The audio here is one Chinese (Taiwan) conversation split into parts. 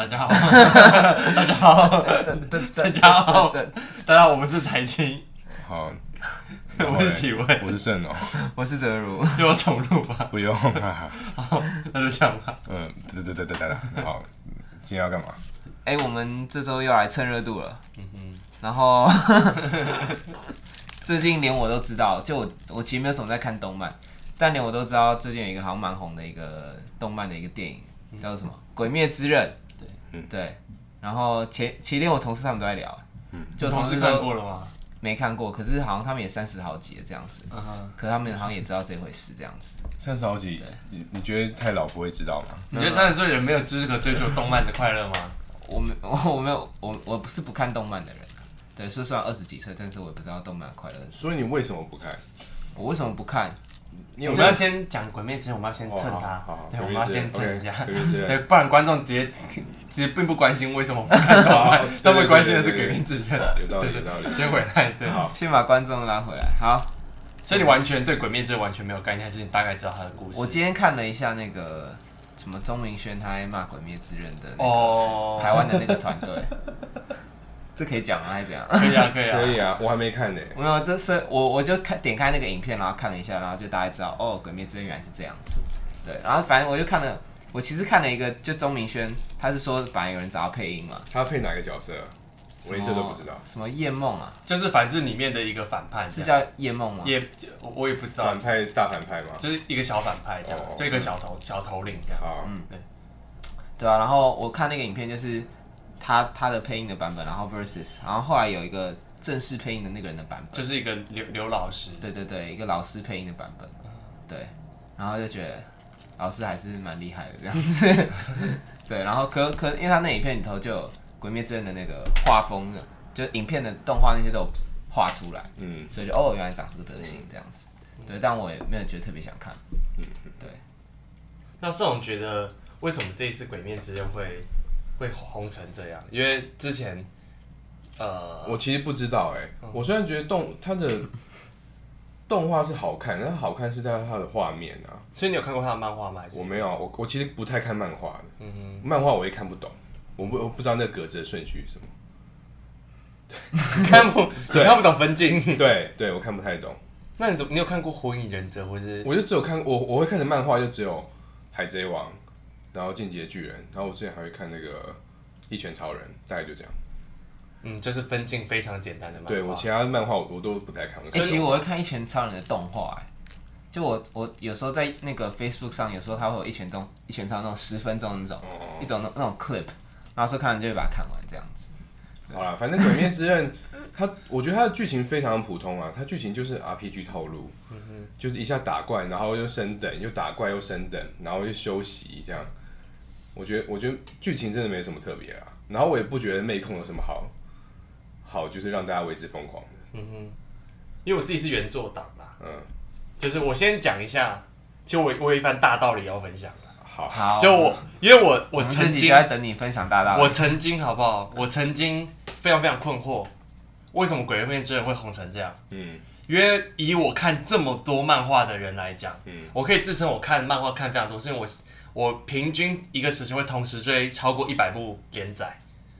大家好， 大家好， 大家好， 大家好， 大家好，我們是財青，好、欸，我是璽文，我是聖農。 我是澤哲如，又 要重錄吧？不用、啊、 好，那就這樣吧。 嗯，對對對對大家好， 今天要幹嘛？哎、欸，我們這周又來蹭熱度了。嗯哼，然後 最近連我都知道，就我我其實沒有什麼在看動漫，但連我都知道，最近有一個好像蠻紅的一個動漫的一個電影，叫做什麼《嗯、鬼滅之刃》。嗯，對，然後前前天我同事他們都在聊、啊，嗯，就同事看過了嗎？沒看過，可是好像他們也三十好幾了這樣子，嗯、啊、哼，可他們好像也知道這回事這樣子。三十好幾，你你覺得太老不會知道嗎？你覺得三十歲人沒有資格追求動漫的快樂嗎？ 我沒，我沒有，我我不是不看動漫的人、啊，對，是算二十幾歲，但是我也不知道動漫快樂。所以你為什麼不看？我為什麼不看？我們要先講《鬼滅之刃》，我們要先蹭他，喔、對我要先蹭一下， 對，不然觀眾直接其實並不關心為什麼不看他，他 們關心的是《鬼滅之刃》。對，對，對，對，對道理，對道理，先回來，對，好先把觀眾拉回來。好，所以你完全對《鬼滅之刃》完全沒有概念，還是你大概知道他的故事？我今天看了一下那個什麼鍾明軒，他還罵《鬼滅之刃》的台灣的那個團隊。Oh, 是可以講啊，還是怎樣？ 可以啊，可以啊， 可以啊！我還沒看呢、欸。 沒有，這是我我就看點開那個影片，然後看了一下，然後就大家知道哦，《鬼滅之刃》原來是這樣子。對，然後反正我就看了，我其實看了一個，就鍾明軒，他是說反正有人找他配音嘛。他配哪個角色？我一直都不知道。什麼夜夢啊？就是反正裡面的一個反派，是叫夜夢嗎？也我也不知道。反派大反派嗎？就是一個小反派，這樣。哦、就一個小頭、嗯、小頭領這樣。嗯、哦，對。對啊，然後我看那個影片就是。他他的配音的版本，然後 versus，然後後來有一個正式配音的那個人的版本，就是一個劉劉老師，對對對，一個老師配音的版本，對，然後就覺得老師還是蠻厲害的這樣子， 對，然後可可，因為他那影片裡頭就有《鬼滅之刃》的那個畫風的，就影片的動畫那些都有畫出來，嗯，所以就哦，原來長這個德行這樣子，對，但我也沒有覺得特別想看，嗯，對。嗯、那聖農覺得為什麼這一次《鬼滅之刃》會？會紅成這樣，因為之前，呃，我其實不知道哎、欸嗯。我雖然覺得動它的動畫是好看，但好看是在它的畫面啊。所以你有看過它的漫畫嗎？我沒有，我我其實不太看漫畫的。嗯哼，漫畫我也看不懂，我不我不知道那個格子的順序是什麼。 看不，對， 看不懂分鏡？ 對對，我看不太懂。那你怎麼你有看過《火影忍者》？或者是我就只有看我我會看的漫畫，就只有《海賊王》。然後進擊的巨人，然後我之前還會看那個一拳超人，大概就這樣。嗯，就是分鏡非常簡單的嘛。對，我其他漫畫我我都不太看。哎、欸，其實我會看一拳超人的動畫、欸，就我我有時候在那個 Facebook 上，有時候他會有一拳動一拳超人那種十分鐘那種哦哦一種那那種 clip，然後說看完就會把它看完這樣子。好啦，反正鬼滅之刃， 他我覺得他的劇情非常普通啊，他劇情就是 RPG 套路，嗯、就是一下打怪，然後又升等，又打怪又升等，然後又休息這樣。我覺得，我覺得劇情真的沒什麼特別啊。然後我也不覺得妹控有什麼好，好就是讓大家為之瘋狂的。嗯哼，因為我自己是原作黨啦。嗯，就是我先講一下，其實我我有一番大道理要分享。好好，就我，因為我我曾經我在等你分享大道理。我曾經好不好？我曾經非常非常困惑，為什麼《鬼滅之刃》會紅成這樣？嗯，因為以我看這麼多漫畫的人來講，嗯，我可以自稱我看漫畫看非常多，是因為我。我平均一個時期會同時追超過一百部連載，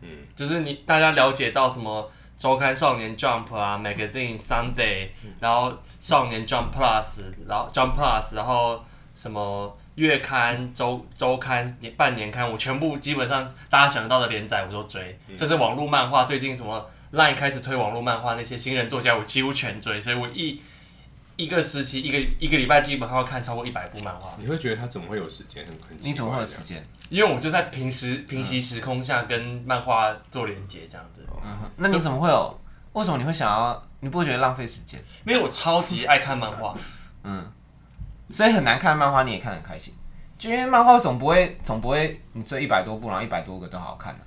嗯，就是你大家了解到什麼周刊《少年 Jump》啊，《Magazine Sunday、嗯》，然後《少年 Jump Plus》，然後《Jump Plus》，然後什麼月刊、周周刊、半年刊，我全部基本上大家想到的連載我都追。這、嗯、是網絡漫畫，最近什麼 LINE 開始推網絡漫畫，那些新人作家我幾乎全追，所以我一。一個時期，一個一個禮拜基本上要看超過一百部漫畫、啊。你會覺得他怎麼會有時間？很很你怎麼會有時間？因為我就在平時平息時空下跟漫畫做連接這樣子，嗯嗯。那你怎麼會有？為什麼你會想要？你不會覺得浪費時間？因為我超級愛看漫畫， 嗯，所以很難看漫畫你也看很開心。因為漫畫總不會總不會你追一百多部，然後一百多個都好看，啊，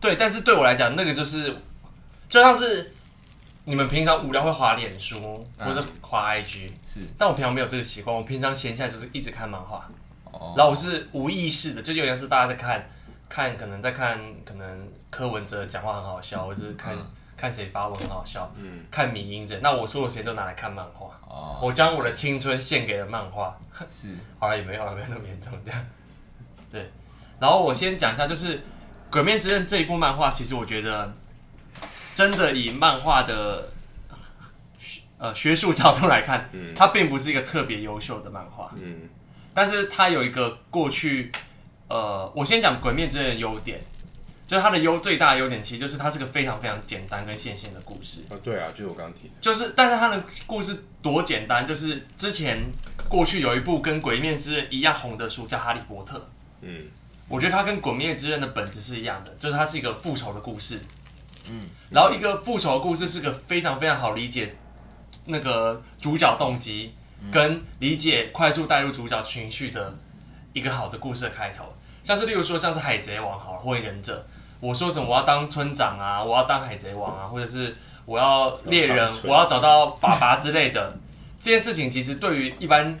對，但是對我來講，那個就是就像是。你們平常無聊會滑臉書或者滑 IG、嗯、是，但我平常沒有這個習慣，我平常閒下來就是一直看漫畫、哦，然後我是無意識的，就有點是大家在看，看可能在看，可能柯文哲講話很好笑，嗯、或者是看、嗯、看誰發文很好笑，嗯、看迷因這，那我所有時間都拿來看漫畫、哦，我將我的青春獻給了漫畫， 好了，也沒有、啊，沒有那麼嚴重，這樣，對，然後我先講一下，就是《鬼滅之刃》這一部漫畫，其實我覺得。真的以漫畫的學呃學術角度來看，嗯，它並不是一個特別優秀的漫畫。嗯，但是它有一個過去，呃，我先講《鬼滅之刃》的優點，就是它的優最大的優點其實就是它是個非常非常簡單跟線性的故事。哦，對啊，就是我剛剛提的，就是但是它的故事多簡單，就是之前過去有一部跟《鬼滅之刃》一樣紅的書叫《哈利波特》。嗯，我覺得它跟《鬼滅之刃》的本質是一樣的，就是它是一個復仇的故事。嗯，然後一個復仇的故事是個非常非常好理解，那個主角動機跟理解快速帶入主角情緒的一個好的故事的開頭，像是例如說像是海賊王好了，火影忍者，我說什麼我要當村長啊，我要當海賊王啊，或者是我要獵人，要我要找到爸爸之類的， 這件事情其實對於一般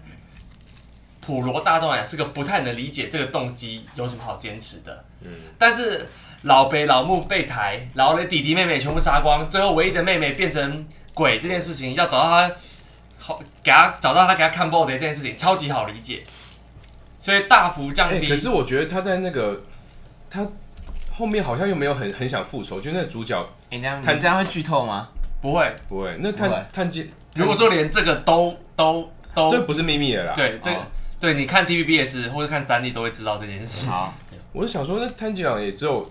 普羅大眾來講是個不太能理解這個動機有什麼好堅持的，嗯，但是。老北、老木被抬，然後呢，弟弟妹妹全部殺光，最後唯一的妹妹變成鬼這件事情，要找到他好，好給他找到他給他看 board 這件事情，超級好理解，所以大幅降低。欸、可是我覺得他在那個他後面好像又沒有很很想復仇，就那個主角。探、欸、樣，樣會劇透嗎？不會，不會。那炭炭治郎，如果說連這個都都都，這不是秘密的啦。對，這個、哦、對，你看 TVBS 或者看三 D 都會知道這件事。 好，我是想說，那炭治郎也只有。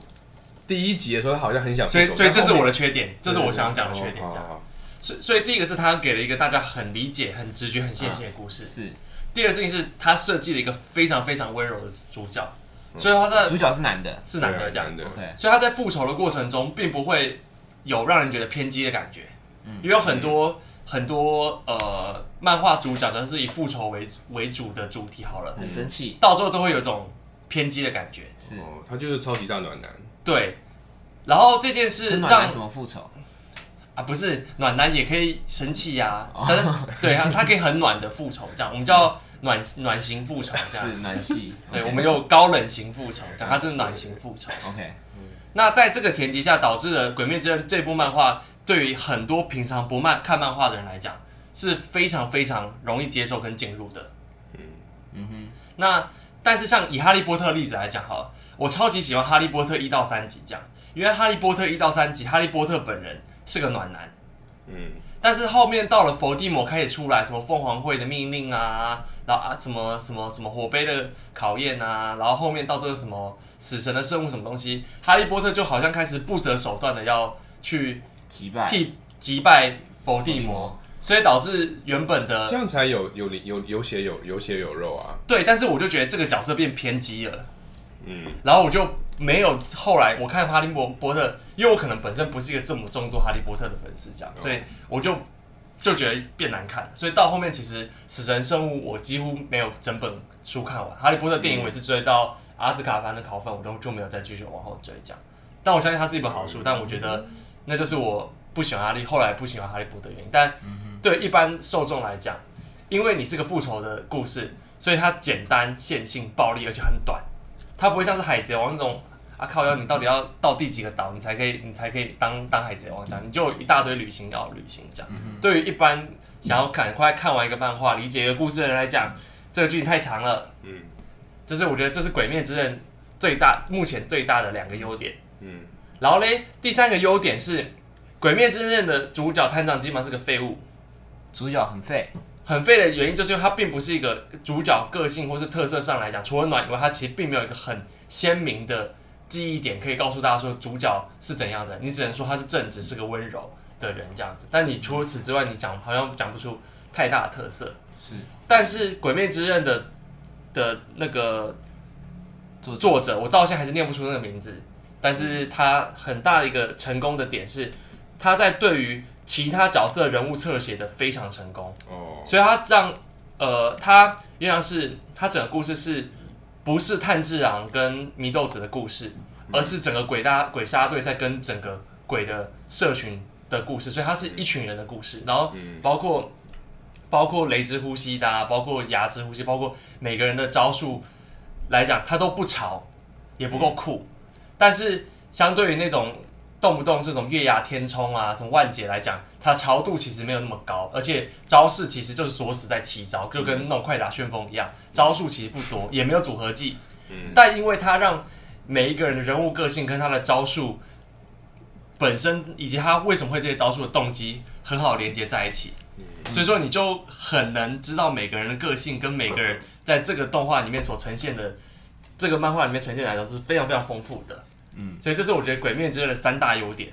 第一集的時候，他好像很想，所以，所以這是我的缺點，嗯、這是我想講的缺點這樣，哦哦哦哦。所以，所以第一個是他給了一個大家很理解、很直覺、很線性的故事啊。是。第二個事情是，他設計了一個非常非常溫柔的主角，嗯、所以他在主角是男的，是男的這樣，所以他在復仇的過程中，並不會有讓人覺得偏激的感覺。嗯、因也有很多、嗯、很多呃，漫畫主角真的是以復仇為為主的主題，好了，很生氣、嗯，到最後都會有一種偏激的感覺。是。哦、他就是超級大暖男。對，然後這件事讓暖男怎麼復仇啊？不是暖男也可以生氣呀，啊，反正，oh. 對、啊，他可以很暖的復仇，這樣 我們叫暖暖型復仇，這樣 是暖系。 對，okay, 我們有高冷型復仇，講他是暖型復仇。嗯、 OK，那在這個前提下，導致了《鬼滅之刃》這部漫畫對於很多平常不漫看漫畫的人來講是非常非常容易接受跟進入的。嗯嗯哼。那但是像以哈利波特的例子來講好了。我超級喜歡《哈利波特》一到三集，這樣，因為《哈利波特》一到三集，哈利波特本人是個暖男，嗯，但是後面到了佛地魔開始出來，什麼鳳凰會的命令啊，然後啊什麼什麼什麼火杯的考驗啊，然後後面到這個什麼死神的聖物什麼東西，哈利波特就好像開始不擇手段的要去擊敗替擊敗佛地魔，所以導致原本的這樣才有有有有血有有血有肉啊。對，但是我就覺得這個角色變偏激了。嗯，然後我就沒有後來，我看《哈利波特》，因為我可能本身不是一個這麼重度《哈利波特》的粉絲，這樣，所以我就就覺得變難看。所以到後面，其實《死神》生物我幾乎沒有整本書看完，《哈利波特》電影我也是追到阿茲卡班的考分，我都就沒有再繼續往後追這樣。但我相信它是一本好書，但我覺得那就是我不喜歡哈利，後來不喜歡《哈利波特》原因。但對一般受眾來講，因為你是個復仇的故事，所以它簡單、線性、暴力，而且很短。它不會像是海賊王那種啊，靠腰，你到底要到第幾個島，你才可以，你才可以當當海賊王這樣，你就有一大堆旅行要旅行這樣、嗯。對於一般想要趕快看完一個漫畫、理解一個故事的人來講，這個劇情太長了。嗯，這是我覺得這是《鬼滅之刃》最大目前最大的兩個優點。嗯，然後嘞，第三個優點是《鬼滅之刃》的主角炭治郎基本上是個廢物，主角很廢。很廢的原因就是因為它並不是一個主角個性或是特色上來講，除了暖以外，它其實並沒有一個很鮮明的記憶點可以告訴大家說主角是怎樣的。你只能說他是正直，是個溫柔的人這樣子。但你除此之外，你講好像講不出太大的特色。是，但是《鬼滅之刃》的的那個作者，我到現在還是念不出那個名字。但是它很大的一個成功的點是，它在對於。其他角色人物側寫的非常成功，oh. 所以他讓呃，他依然是他整個故事是，不是炭治郎跟祢豆子的故事，而是整個鬼大鬼殺隊在跟整個鬼的社群的故事，所以他是一群人的故事，然後包括、mm. 包括雷之呼吸的、啊，包括牙之呼吸，包括每個人的招數來講，他都不潮也不夠酷，mm. 但是相對於那種。動不動這種月牙天衝啊，從卍解來講，它潮度其實沒有那麼高，而且招式其實就是鎖死在奇招，就跟那種快打旋風一樣，招數其實不多，也沒有組合技。嗯。但因為他讓每一個人的人物個性跟他的招數本身，以及他為什麼會這些招數的動機，很好連接在一起。所以說，你就很能知道每個人的個性，跟每個人在這個動畫裡面所呈現的，這個漫畫裡面呈現來的都是非常非常豐富的。嗯，所以這是我覺得《鬼滅之刃》的三大優點。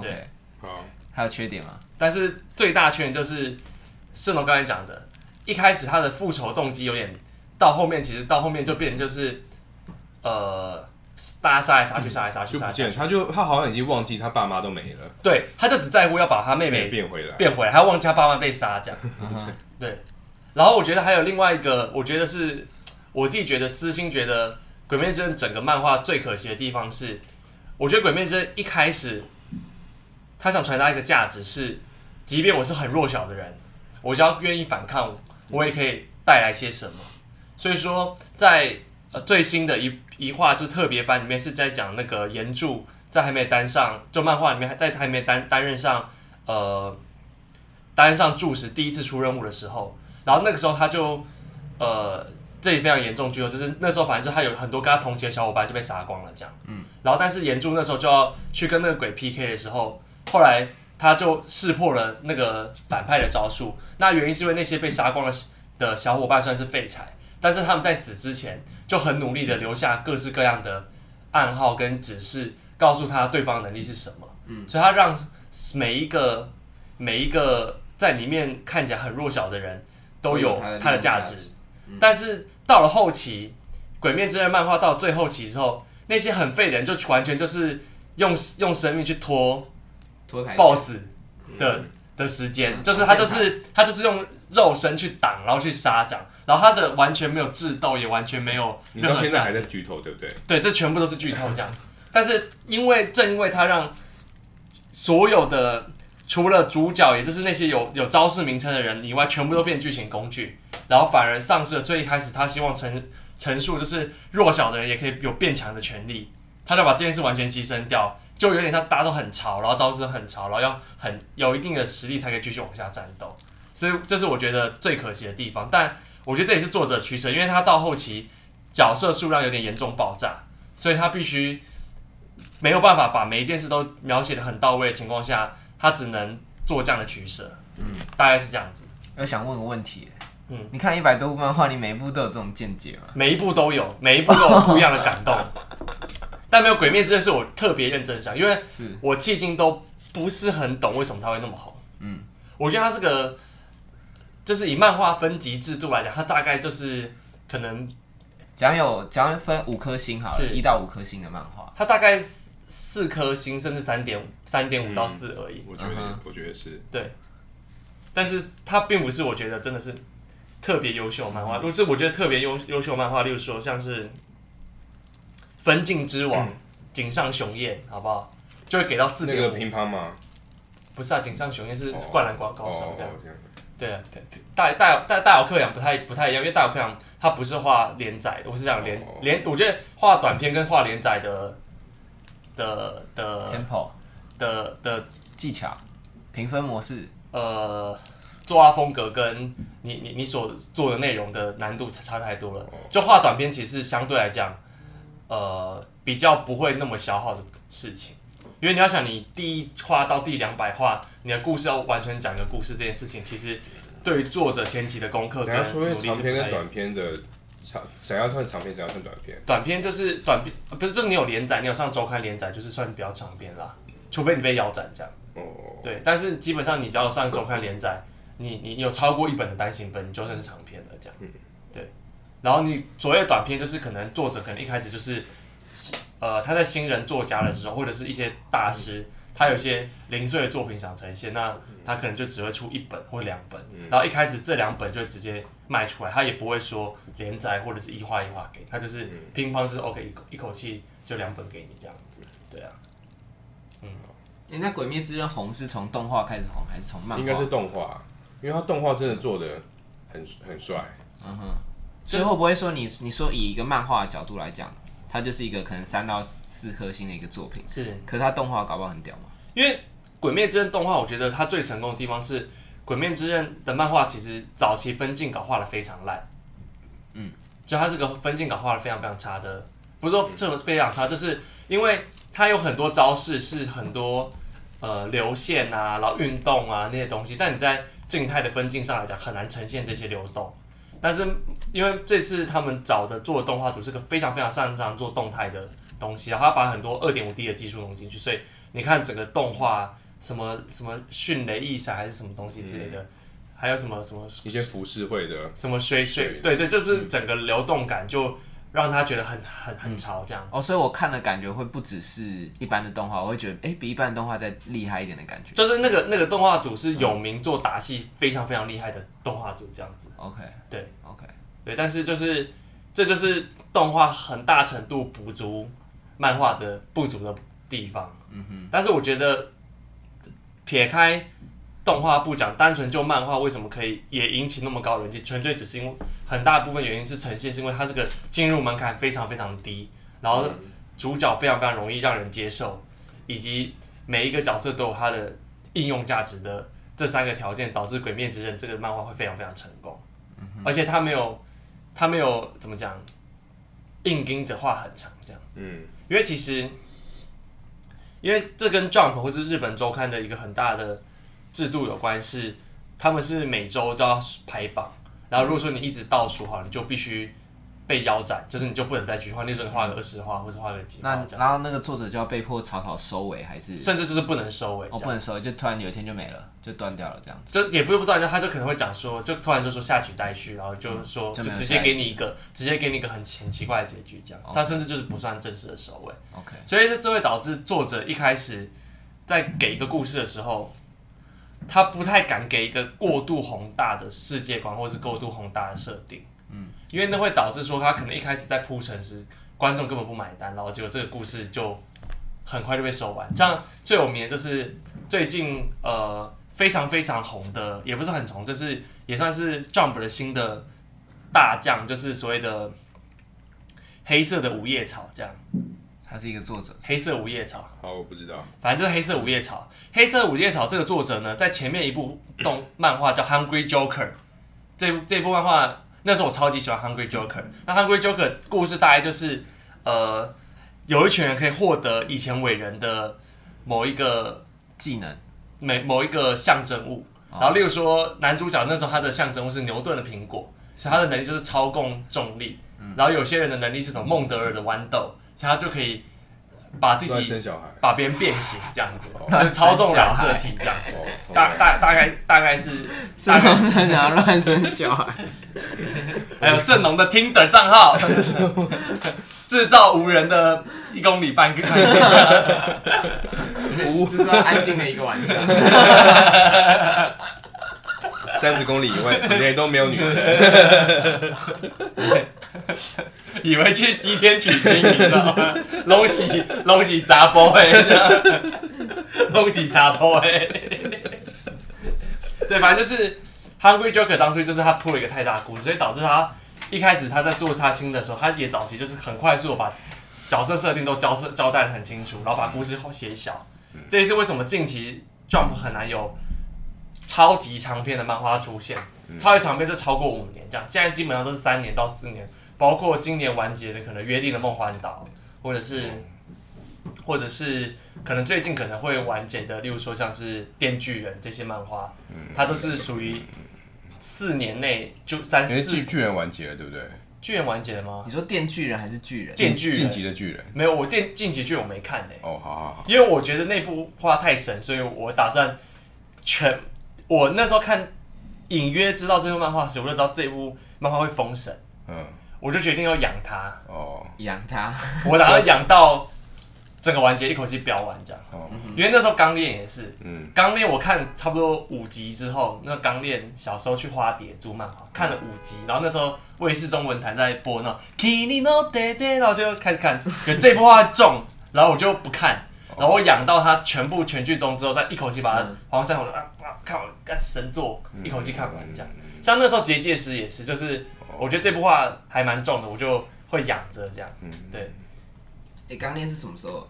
對，好，okay，還有缺點啊。但是最大缺點就是聖農剛才講的，一開始他的復仇動機有點，到後面其實到後面就變成就是，呃，大家殺來殺去，殺來殺去，殺來殺來殺去，他就他好像已經忘記他爸媽都沒了，對，他就只在乎要把他妹妹變回來，妹妹變回來，他忘記他爸媽被殺這樣，嗯。對，然後我覺得還有另外一個，我覺得是我自己覺得私心覺得。《鬼滅之刃》整個漫畫最可惜的地方是，我覺得《鬼滅之刃》一開始，他想傳達一個價值是，即便我是很弱小的人，我只要願意反抗，我也可以帶來些什麼。所以說，在，呃，最新的一一話，就特別番裡面是在講那個炎柱在還沒擔上，就漫畫裡面在他還沒擔擔任上，呃，擔任上柱時第一次出任務的時候，然後那個時候他就，呃。這也非常嚴重，就是那時候反正就他有很多跟他同級的小夥伴就被殺光了，這樣。嗯。然後，但是岩柱那時候就要去跟那個鬼 PK 的時候，後來他就識破了那個反派的招數。那原因是因為那些被殺光了的小夥伴算是廢材，但是他們在死之前就很努力的留下各式各樣的暗號跟指示，告訴他對方能力是什麼。嗯。所以他讓每一個每一個在裡面看起來很弱小的人都有他的價值。但是到了後期，《鬼滅之刃》漫畫到最後期之後，那些很廢的人就完全就是用用生命去拖拖台 BOSS 的的時間、嗯，就是他就是、嗯、他就是用肉身去擋，然後去殺這樣，然後他的完全沒有智鬥，也完全沒有任何。你到現在還在劇透，對不對？對，這全部都是劇透這樣。但是因為正因為他讓所有的。除了主角，也就是那些有有招式名稱的人以外，全部都變劇情工具，然後反而喪失了。最一開始，他希望陳陳述就是弱小的人也可以有變強的權利，他就把這件事完全犧牲掉，就有點像大家都很潮，然後招式很潮，然後要很有一定的實力才可以繼續往下戰鬥。所以這是我覺得最可惜的地方，但我覺得這也是作者取捨，因為他到後期角色數量有點嚴重爆炸，所以他必須沒有辦法把每一件事都描寫得很到位的情況下。他只能做這樣的取捨，嗯，大概是這樣子。我想問個問題，嗯，你看一百多部漫畫，你每一部都有這種見解嗎？每一部都有，每一部都有不一樣的感動。哦、但沒有《鬼滅》這件事，我特別認真想，因為我迄今都不是很懂為什麼他會那麼好。嗯，我覺得他是、這個，就是以漫畫分級制度來講，他大概就是可能講有講分五顆星，哈，是一到五顆星的漫畫，他大概，四顆星，甚至三點三點五到四而已、嗯。我覺得，我覺得是對，但是它並不是。我覺得真的是特別優秀的漫畫、嗯。如果是我覺得特別優優秀的漫畫，例如說像是《分鏡之王》井、嗯、上雄彥，好不好？就會給到四、那個乒乓嘛？不是啊，井上雄彥是灌籃高手，這樣對啊、哦哦哦，對啊，大大大友克洋不太不太一樣，因為大友克洋他不是畫連載，我是講連、哦、連。我覺得畫短篇跟畫連載的。的的，temple，的的技巧，評分模式，呃，作畫風格跟你你你所做的內容的難度差差太多了。就畫短篇，其實相對來講，呃，比較不會那麼消耗的事情，因為你要想，你第一畫到第兩百畫，你的故事要完全講個故事，這件事情其實對於作者前期的功課，等下說會短篇的。長想要算長篇，想要算短篇？短篇就是短篇，不是就是你有連載，你有上周刊連載，就是算是比較長篇啦。除非你被腰斬這樣。哦、oh.。對，但是基本上你只要上周刊連載，你你，你有超過一本的單行本，你就算是長篇的這樣。對。然後你所謂的短篇，就是可能作者可能一開始就是，呃，他在新人作家的時候，嗯、或者是一些大師，嗯、他有些零碎的作品想呈現，那他可能就只會出一本或兩本、嗯，然後一開始這兩本就直接。賣出來，他也不會說連載或者是一話一話給你，他就是乒乓，就是 OK，一口一口氣就兩本給你這樣子。對啊，嗯，人家《鬼滅之刃》紅是從動畫開始紅還是從漫畫？應該是動畫，因為他動畫真的做得很很帥。嗯哼，所以我不會說你你說以一個漫畫的角度來講，它就是一個可能三到四顆星的一個作品，是，可是他動畫搞不好很屌嘛。因為《鬼滅之刃》動畫，我覺得它最成功的地方是。《鬼滅之刃》的漫畫其實早期分鏡稿畫的非常爛，嗯，就它這個分鏡稿畫的非常非常差的，不是說這種非常差，就是因為它有很多招式是很多呃流線啊，然後運動啊那些東西，但你在靜態的分鏡上來講很難呈現這些流動。但是因為這次他們找的做的動畫組是個非常非常擅長做動態的東西，然後他把很多二點五 D 的技術融進去，所以你看整個動畫。什麼什麼迅雷一響還是什麼東西之類的，對對對，還有什麼什麼、什麼一些浮世繪的，什麼衰靴，衰對，對對，就是整個流動感就讓他覺得很、嗯、很很潮這樣。哦，所以我看的感覺會不只是一般的動畫，我會覺得哎、欸，比一般的動畫再厲害一點的感覺。就是那個那個動畫組是有名做打戲非常非常厲害的動畫組這樣子。OK、嗯。對。OK 對。Okay. 對，但是就是這就是動畫很大程度補足漫畫的不足的地方。嗯哼。但是我覺得。撇開動畫不講，單純就漫畫，為什麼可以也引起那麼高人氣？純粹只是因為很大部分原因是呈現，是因為它這個進入門檻非常非常低，然後主角非常非常容易讓人接受，以及每一個角色都有它的應用價值的這三個條件，導致《鬼滅之刃》這個漫畫會非常非常成功。嗯，而且它沒有，它沒有怎麼講，硬盯着畫很長這樣。嗯，因為其實。因為這跟《Jump》或是日本周刊的一個很大的制度有關係，他們是每周都要排榜，然後如果說你一直倒數好，你就必須。被腰斬，就是你就不能再繼續畫，你只能畫個二十畫或者畫個幾畫。那然後那個作者就要被迫草草收尾，還是甚至就是不能收尾，我、oh, 不能收尾，就突然有一天就沒了，就斷掉了這樣子。就也不是不斷掉，他就可能會講說，就突然就說下曲待續，然後就說、嗯、就直接給你一個直接給你一個很奇奇怪的結局，這樣。他、okay. 甚至就是不算正式的收尾。OK，所以這就會導致作者一開始在給一個故事的時候，他不太敢給一個過度宏大的世界觀，或是過度宏大的設定。嗯因為那會導致說他可能一開始在鋪陳時，觀眾根本不買單，然後結果這個故事就很快就被收完。這樣最有名的就是最近呃非常非常紅的，也不是很紅，就是也算是 Jump 的新的大將，就是所謂的黑色的五葉草。這樣，他是一個作者，黑色五葉草。好，我不知道，反正就是黑色五葉草。黑色五葉草這個作者呢，在前面一部動漫畫叫《Hungry Joker》，這部這部漫畫。那時候我超級喜歡《Hungry Joker》，那《Hungry Joker》故事大概就是，呃，有一群人可以獲得以前偉人的某一個技能，某某一個象徵物，哦，然後例如說男主角那時候他的象徵物是牛頓的蘋果，所以他的能力就是操控重力，嗯、然後有些人的能力是從孟德爾的豌豆，所以他就可以。把自己，把別人變形，這樣子、喔，就是操縱染色體這樣子、喔，大大大概大概是，他想要亂生小孩，小孩小孩 還有聖農的 Tinder 賬號，制 造無人的一公里半個，制 造安靜的一個晚上，三 十公里以外也都沒有女生。 嗯以為去西天取經，你知道嗎？弄起弄起雜波哎，弄起雜波哎，對，反正就是 Hungry Joker 當初就是他鋪了一個太大的故事，所以導致他一開始他在做他新的時候，他也早期就是很快速的把角色設定都交涉交代的很清楚，然後把故事寫小。嗯。這也是為什麼近期 Jump 很難有超級長篇的漫畫出現？嗯。超級長篇就超過五年這樣，現在基本上都是三年到四年。包括今年完結的可能約定的夢幻島，或者是，或者是可能最近可能會完結的，例如說像是電鋸人這些漫畫，嗯，它都是屬於四年內就三四。電巨人完結了，結了對不對？巨人完結了嗎？你說電鋸人還是巨人？電鋸人進擊的巨人？沒有，我電進擊巨人我沒看呢、欸。哦，好好好。因為我覺得那部畫太神，所以我打算全我那時候看，隱約知道這部漫畫時，我就知道這部漫畫會封神。嗯。我就決定要養它，哦、oh.，養它，我打算養到整個完結，一口氣飆完這樣。Oh. 因為那時候鋼煉也是，嗯，鋼煉我看差不多五集之後，那鋼煉小時候去花蝶做漫畫看了五集、嗯，然後那時候衛視中文台在播那，然後，でで然後我就開始看，這部畫重，然後我就不看， 然後我養到它全部全劇終之後，再一口氣把它、嗯、黃山，我說啊啊，看完、啊、神作，一口氣看完這樣。嗯嗯、像那時候結界師也是，就是。我覺得這部畫還蠻重的，我就會養着這樣。嗯，對。哎、欸，鋼鍊是什麼時候？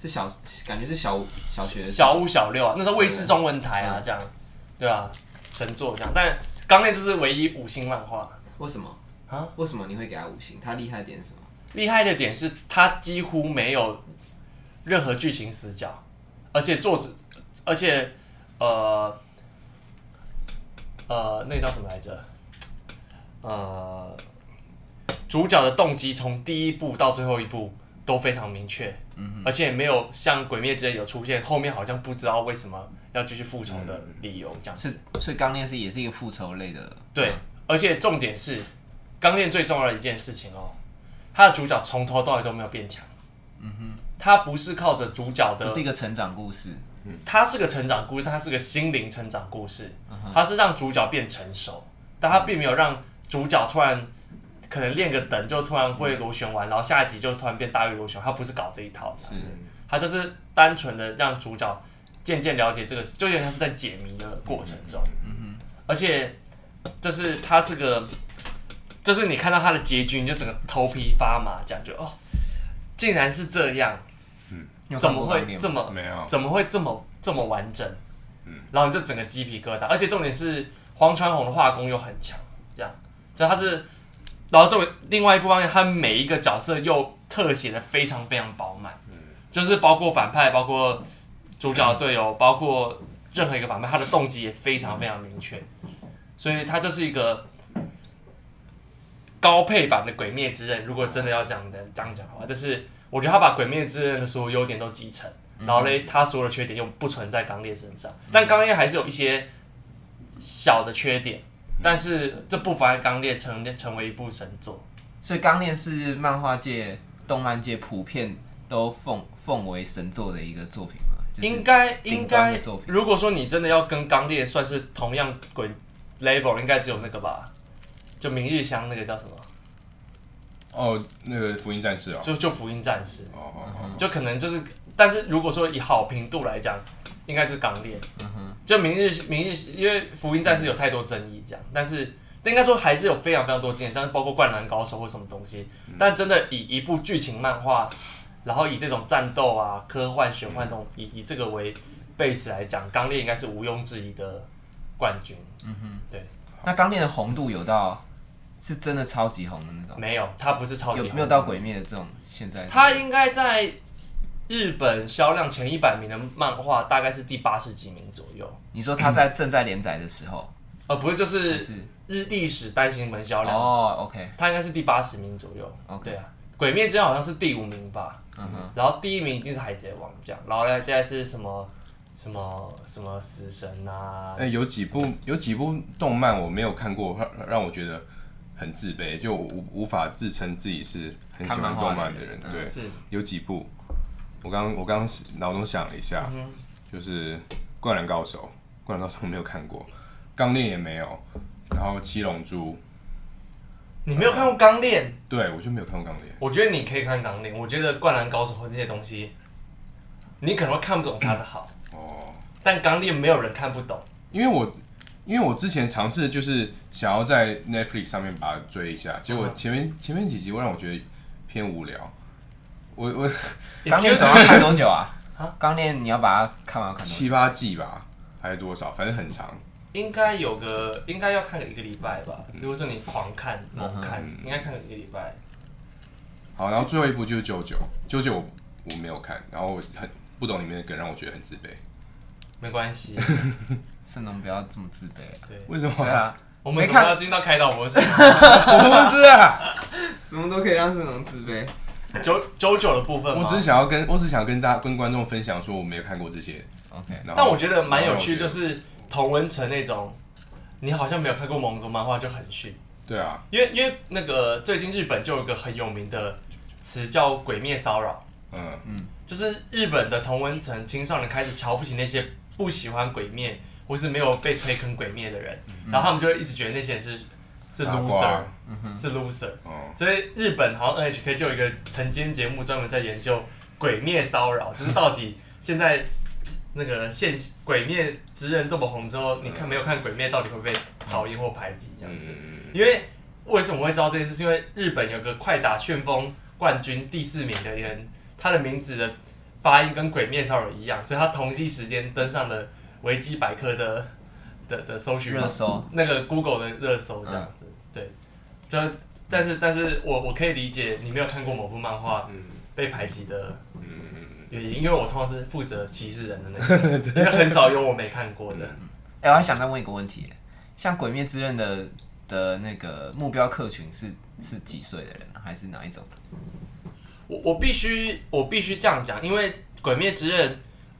是小，感覺是小五小學。小五、小六啊，那時候衛視中文台啊，哦、這樣，嗯、對吧、啊？神作這樣，但鋼鍊就是唯一五星漫畫。為什麼啊？為什麼你會給他五星？他厲害點是什麼？厲害的點是他幾乎沒有任何劇情死角，而且作者，而且呃呃，那個、叫什麼來着？呃，主角的動機從第一步到最後一步都非常明確，嗯，而且沒有像《鬼滅之刃》有出現，嗯、後面好像不知道為什麼要繼續復仇的理由，講是是《鋼鍊》是也是一個復仇類的，對，嗯，而且重點是《鋼鍊》最重要的一件事情哦，他的主角從頭到尾都沒有變強，嗯哼，他不是靠着主角的，不是一個成長故事，嗯，他是個成長故事，他是個心靈成長故事，嗯，他是讓主角變成熟，但他並沒有讓。嗯主角突然可能練個等，就突然會螺旋丸、嗯，然後下一集就突然變大玉螺旋丸。他不是搞這一套的，他就是單純的讓主角漸漸了解這個事，就因為他是在解謎的過程中、嗯嗯嗯。而且就是他是個，就是你看到他的結局，你就整個頭皮發麻，樣就哦，竟然是這樣。嗯。怎麼會這麼怎麼會這麼這麼完整、嗯？然後你就整個雞皮疙瘩，而且重點是荒川弘的畫功又很強。他是，然後作為另外一部分，他每一個角色又特寫的非常非常飽滿，就是包括反派，包括主角的隊友，包括任何一個反派，他的動機也非常非常明確，所以他就是一個高配版的《鬼滅之刃》。如果真的要講的這樣講的話，就是我覺得他把《鬼滅之刃》的所有優點都繼承，然後嘞，他所有的缺點又不存在鋼鍊身上，但鋼鍊還是有一些小的缺點。但是這不妨礙《鋼鍊》成成為一部神作，所以《鋼鍊》是漫畫界、動漫界普遍都奉奉為神作的一個作品嘛？應該應該、就是。如果說你真的要跟《鋼鍊》算是同樣鬼 level 應該只有那個吧？就明日香那個叫什麼？哦，那個福、啊《福音戰士》哦，就就《福音戰士》哦，就可能就是，但是如果說以好評度來講。應該是《鋼鍊》、嗯、哼。就明日《明日明日》，因為《福音戰士》有太多爭議這樣、嗯、但是，但應該說還是有非常非常多經驗，像是包括《灌籃高手》或什麼東西、嗯。但真的以一部劇情漫畫，然後以這種戰鬥啊、科幻、玄幻的，以、嗯、以這個為 base 來講，《鋼鍊》應該是毋庸置疑的冠軍。嗯哼，對。那《鋼鍊》的紅度有到是真的超級紅的那種？沒有，它不是超級紅。有沒有到《鬼滅》的這種現在？它應該在。日本銷量前一百名的漫畫，大概是第八十幾名左右。你說他在正在連載的時候？哦、 呃，不是，就是日歷史單行本銷量哦。OK，他應該是第八十名左右。Okay. 對啊，鬼滅之刃好像是第五名吧。嗯哼。然後第一名一定是海賊王這樣。然後現在是什麼什麼什麼死神啊？哎、欸，有幾部有幾部動漫我沒有看過，讓讓我覺得很自卑，就無無法自稱自己是很喜歡動漫的人。的嗯、對，有幾部。我剛我剛腦中想了一下，嗯、就是《灌籃高手》，《灌籃高手》沒有看過，《鋼煉》也沒有，然後《七龍珠》。你沒有看過《鋼煉》？呃，對，我就沒有看過《鋼煉》。我覺得你可以看《鋼煉》，我覺得《灌籃高手》和這些東西，你可能會看不懂他的好。 哦。但《鋼煉》沒有人看不懂。因為我因為我之前嘗試就是想要在 Netflix 上面把它追一下，結果前面前面幾集我讓我覺得偏無聊。我我剛剛你剛念怎麼看多久啊？啊，剛念你要把它看完看，看七八季吧，還是多少？反正很長，應該有個應該要看一個禮拜吧。嗯、如果說你狂看猛看，應該看一個禮拜。好，然後最後一部就是舅舅《舅舅》，《舅舅》我我沒有看，然後很不懂裡面的梗，讓我覺得很自卑。沒關係，聖 農不要這麼自卑、啊。對，為什麼啊？我沒看，進到開到我。 我不是、啊， 什麼都可以讓聖農自卑。Okay. 九九九的部分嗎，我只是想要跟，我是想跟大家跟觀眾分享說，我沒有看過這些，OK。但我覺得蠻有趣，就是同溫層那種，你好像沒有看過某種漫畫就很遜。對啊，因為因為那個最近日本就有一個很有名的詞叫“鬼滅騷擾”。嗯嗯，就是日本的同溫層青少年開始瞧不起那些不喜歡鬼滅或是沒有被推坑鬼滅的人，嗯、然後他們就會一直覺得那些人是。是 loser，、啊嗯、哼是 loser，、哦、所以日本好像 N H K 就有一個晨間節目專門在研究鬼滅騷擾，就是到底現在那個現鬼滅之刃這麼紅之後、嗯，你看沒有看鬼滅到底會不會被討厭或排擠這樣子、嗯。因為為什麼會知道這件事？是因為日本有個快打旋風冠軍第四名的人，他的名字的發音跟鬼滅騷擾一樣，所以他同一時間登上了維基百科的。的的搜尋熱搜，那個 Google 的熱搜這樣子，嗯、對，就但是但是我我可以理解你沒有看過某部漫畫，被排擠的，原因、嗯、因為我通常是負責歧視人的那個， 因為很少有我沒看過的。哎、嗯欸，我還想再問一個問題，像《鬼滅之刃》的的那個目標客群是是幾歲的人、啊，還是哪一種？我我必須我必須這樣講，因為《鬼滅之刃》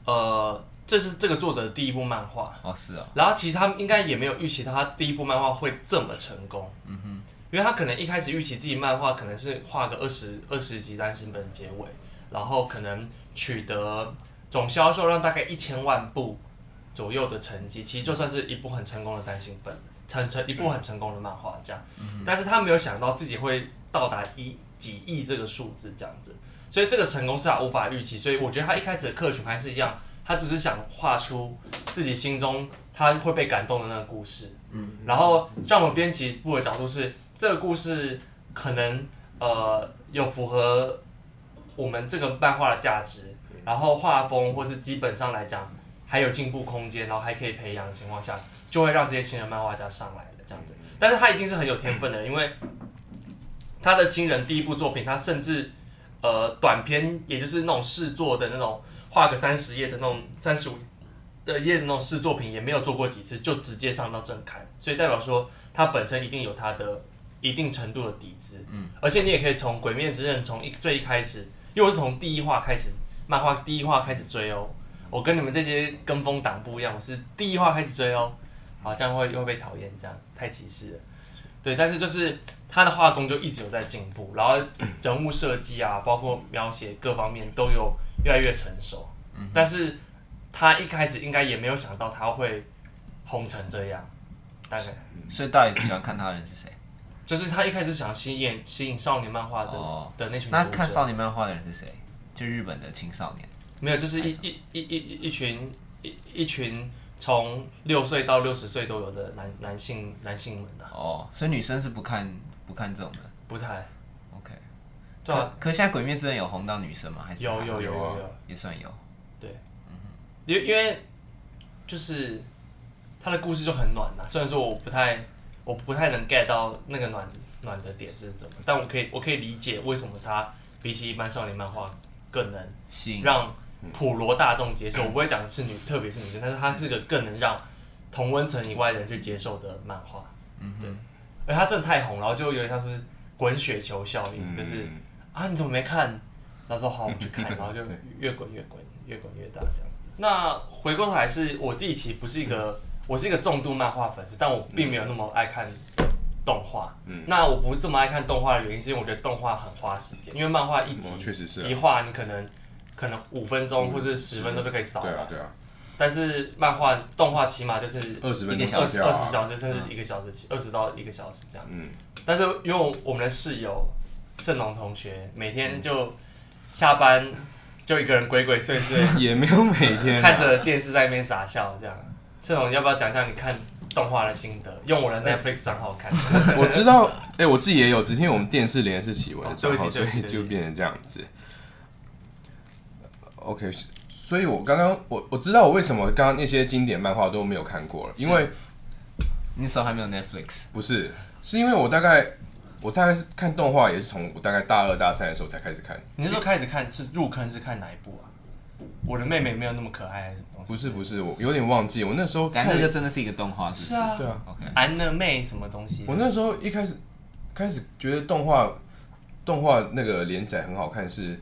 呃。這是這個作者的第一部漫畫哦，是啊，然後其實他們應該也沒有預期到他第一部漫畫會這麼成功，嗯哼，因為他可能一開始預期自己漫畫可能是畫個二十二十集單行本結尾，然後可能取得總銷售量大概一千萬部左右的成績，其實就算是一部很成功的單行本，很、嗯、成一部很成功的漫畫這樣、嗯，但是他沒有想到自己會到達一幾億這個數字這樣子，所以這個成功是他無法預期，所以我覺得他一開始的客群還是一樣。他只是想畫出自己心中他會被感動的那個故事，嗯，嗯，然後在我們編輯部的角度是這個故事可能呃有符合我們這個漫畫的價值，然後畫風或是基本上來講還有進步空間，然後還可以培養的情況下，就會讓這些新人漫畫家上來的這樣子。但是他一定是很有天分的，因為他的新人第一部作品，他甚至呃短篇也就是那種試作的那種。畫個三十頁的那種三十五的頁的那種試作品也沒有做過幾次，就直接上到正刊，所以代表說它本身一定有它的一定程度的底子，嗯，而且你也可以從《鬼滅之刃》從一最一開始，又是從第一話開始，漫畫第一話開始追哦，我跟你們這些跟風黨不一樣，我是第一話開始追哦，好，這樣會又會被討厭，這樣太歧視了，對，但是就是。他的畫工就一直有在進步，然後人物設計啊，包括描寫各方面都有越來越成熟。嗯、但是他一開始應該也沒有想到他會紅成這樣，大概。所以，到底喜歡看他的人是誰？就是他一開始想吸引吸引少年漫畫的、哦、的那群人。那看少年漫畫的人是誰？就日本的青少年。沒有，就是一是一一一一群一一群從六歲到六十歲都有的男男性男性們啊。哦，所以女生是不看。不看這種的，不太 OK。對啊，可，可現在《鬼滅之刃》有紅到女生嗎？還是有有有有，也算有。對，嗯哼。因因為就是他的故事就很暖吶，雖然說我不太我不太能 get 到那個暖暖的點是怎麼，但我可以我可以理解為什麼他比起一般少年漫畫更能吸引讓普羅大眾接受、嗯。我不會講是女， 特別是女生，但是他是個更能讓同溫層以外的人去接受的漫畫。嗯對。而它真的太紅，然後就有點像是滾雪球效應，嗯、就是啊，你怎麼沒看？他說好，我們去看，然後就越滾越滾， 越滾越大這樣。那回過頭來，是我自己其實不是一個，嗯、我是一個重度漫畫粉絲，但我並沒有那麼愛看動畫、嗯。那我不這麼愛看動畫的原因，是因為我覺得動畫很花時間，因為漫畫一集一畫，你可能、確實是啊、可能五分鐘或者十分鐘就可以掃完、嗯嗯，對啊。對啊但是漫畫、動畫起碼就是二十分鐘、二十小時，甚至一個小時起，起二十到一個小時這樣。嗯，但是因為我們,我們的室友聖農同學每天就下班就一個人鬼鬼祟祟， 也沒有每天、啊嗯、看着電視在那邊傻笑這樣。聖農，你要不要講一下你看動畫的心得？用我的 Netflix 賬號看。 我知道，哎、欸，我自己也有，只是因為我們電視連是企鵝、哦、所以就變成這樣子。OK。所以我剛剛，我剛剛我我知道我為什麼剛剛那些經典漫畫都沒有看過了，因為那時候還沒有 Netflix。不是，是因為我大概我大概是看動畫也是從我大概大二大三的時候才開始看。你那時候開始看是入坑是看哪一部啊？我的妹妹沒有那麼可愛還是什麼？不是不是，我有點忘記。我那時候看那就真的是一個動畫，是啊，對啊，OK，俺的妹什麼東西？我那時候一開始開始覺得動畫動畫那個連載很好看是，是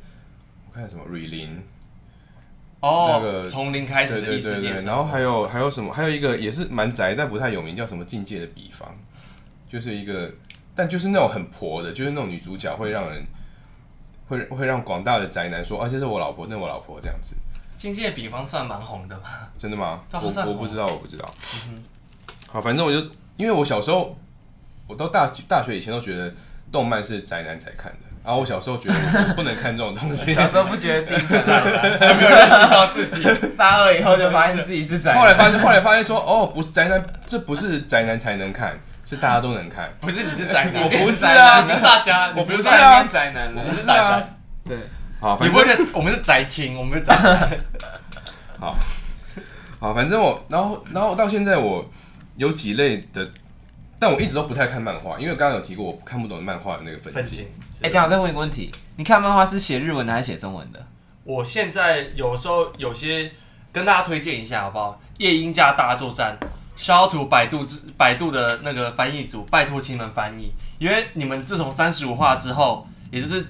我看什麼《瑞林哦、oh，那個從零開始的異世界，然後還有還有什麼？還有一個也是蠻宅但不太有名，叫什麼境界的彼方，就是一個，但就是那種很婆的，就是那種女主角會讓人會會讓廣大的宅男說，啊這、就是我老婆，那、就是就是我老婆這樣子。境界彼方算蠻紅的吧？真的嗎？我我不知道，我不知道。嗯、好，反正我就因為我小時候，我到大大學以前都覺得動漫是宅男才看的。然、啊、後我小時候覺得不能看這種東西。 小時候不覺得自己是宅男， 沒有認識到自己。大二以後就發現自己是宅。 後來發現，後來發現說，哦，不是宅男，這不是宅男才能看，是大家都能看。不是你是宅男 我是、啊你是你是，我不是啊，我不是啊，宅男，我不是啊，對。好，你不會，我們是宅青，我們是宅男。好好，反正我，然後，然後到現在我有幾類的，但我一直都不太看漫畫，因為剛剛有提過，我看不懂漫畫的那個分析。分哎，等下我再問一個問題，你看漫畫是寫日文的還是寫中文的？我現在有時候有些跟大家推薦一下，好不好？《夜櫻家大作戰》，肖土百度之百度的那個翻譯組，拜託親們翻譯，因為你們自從三十五話之後，也就是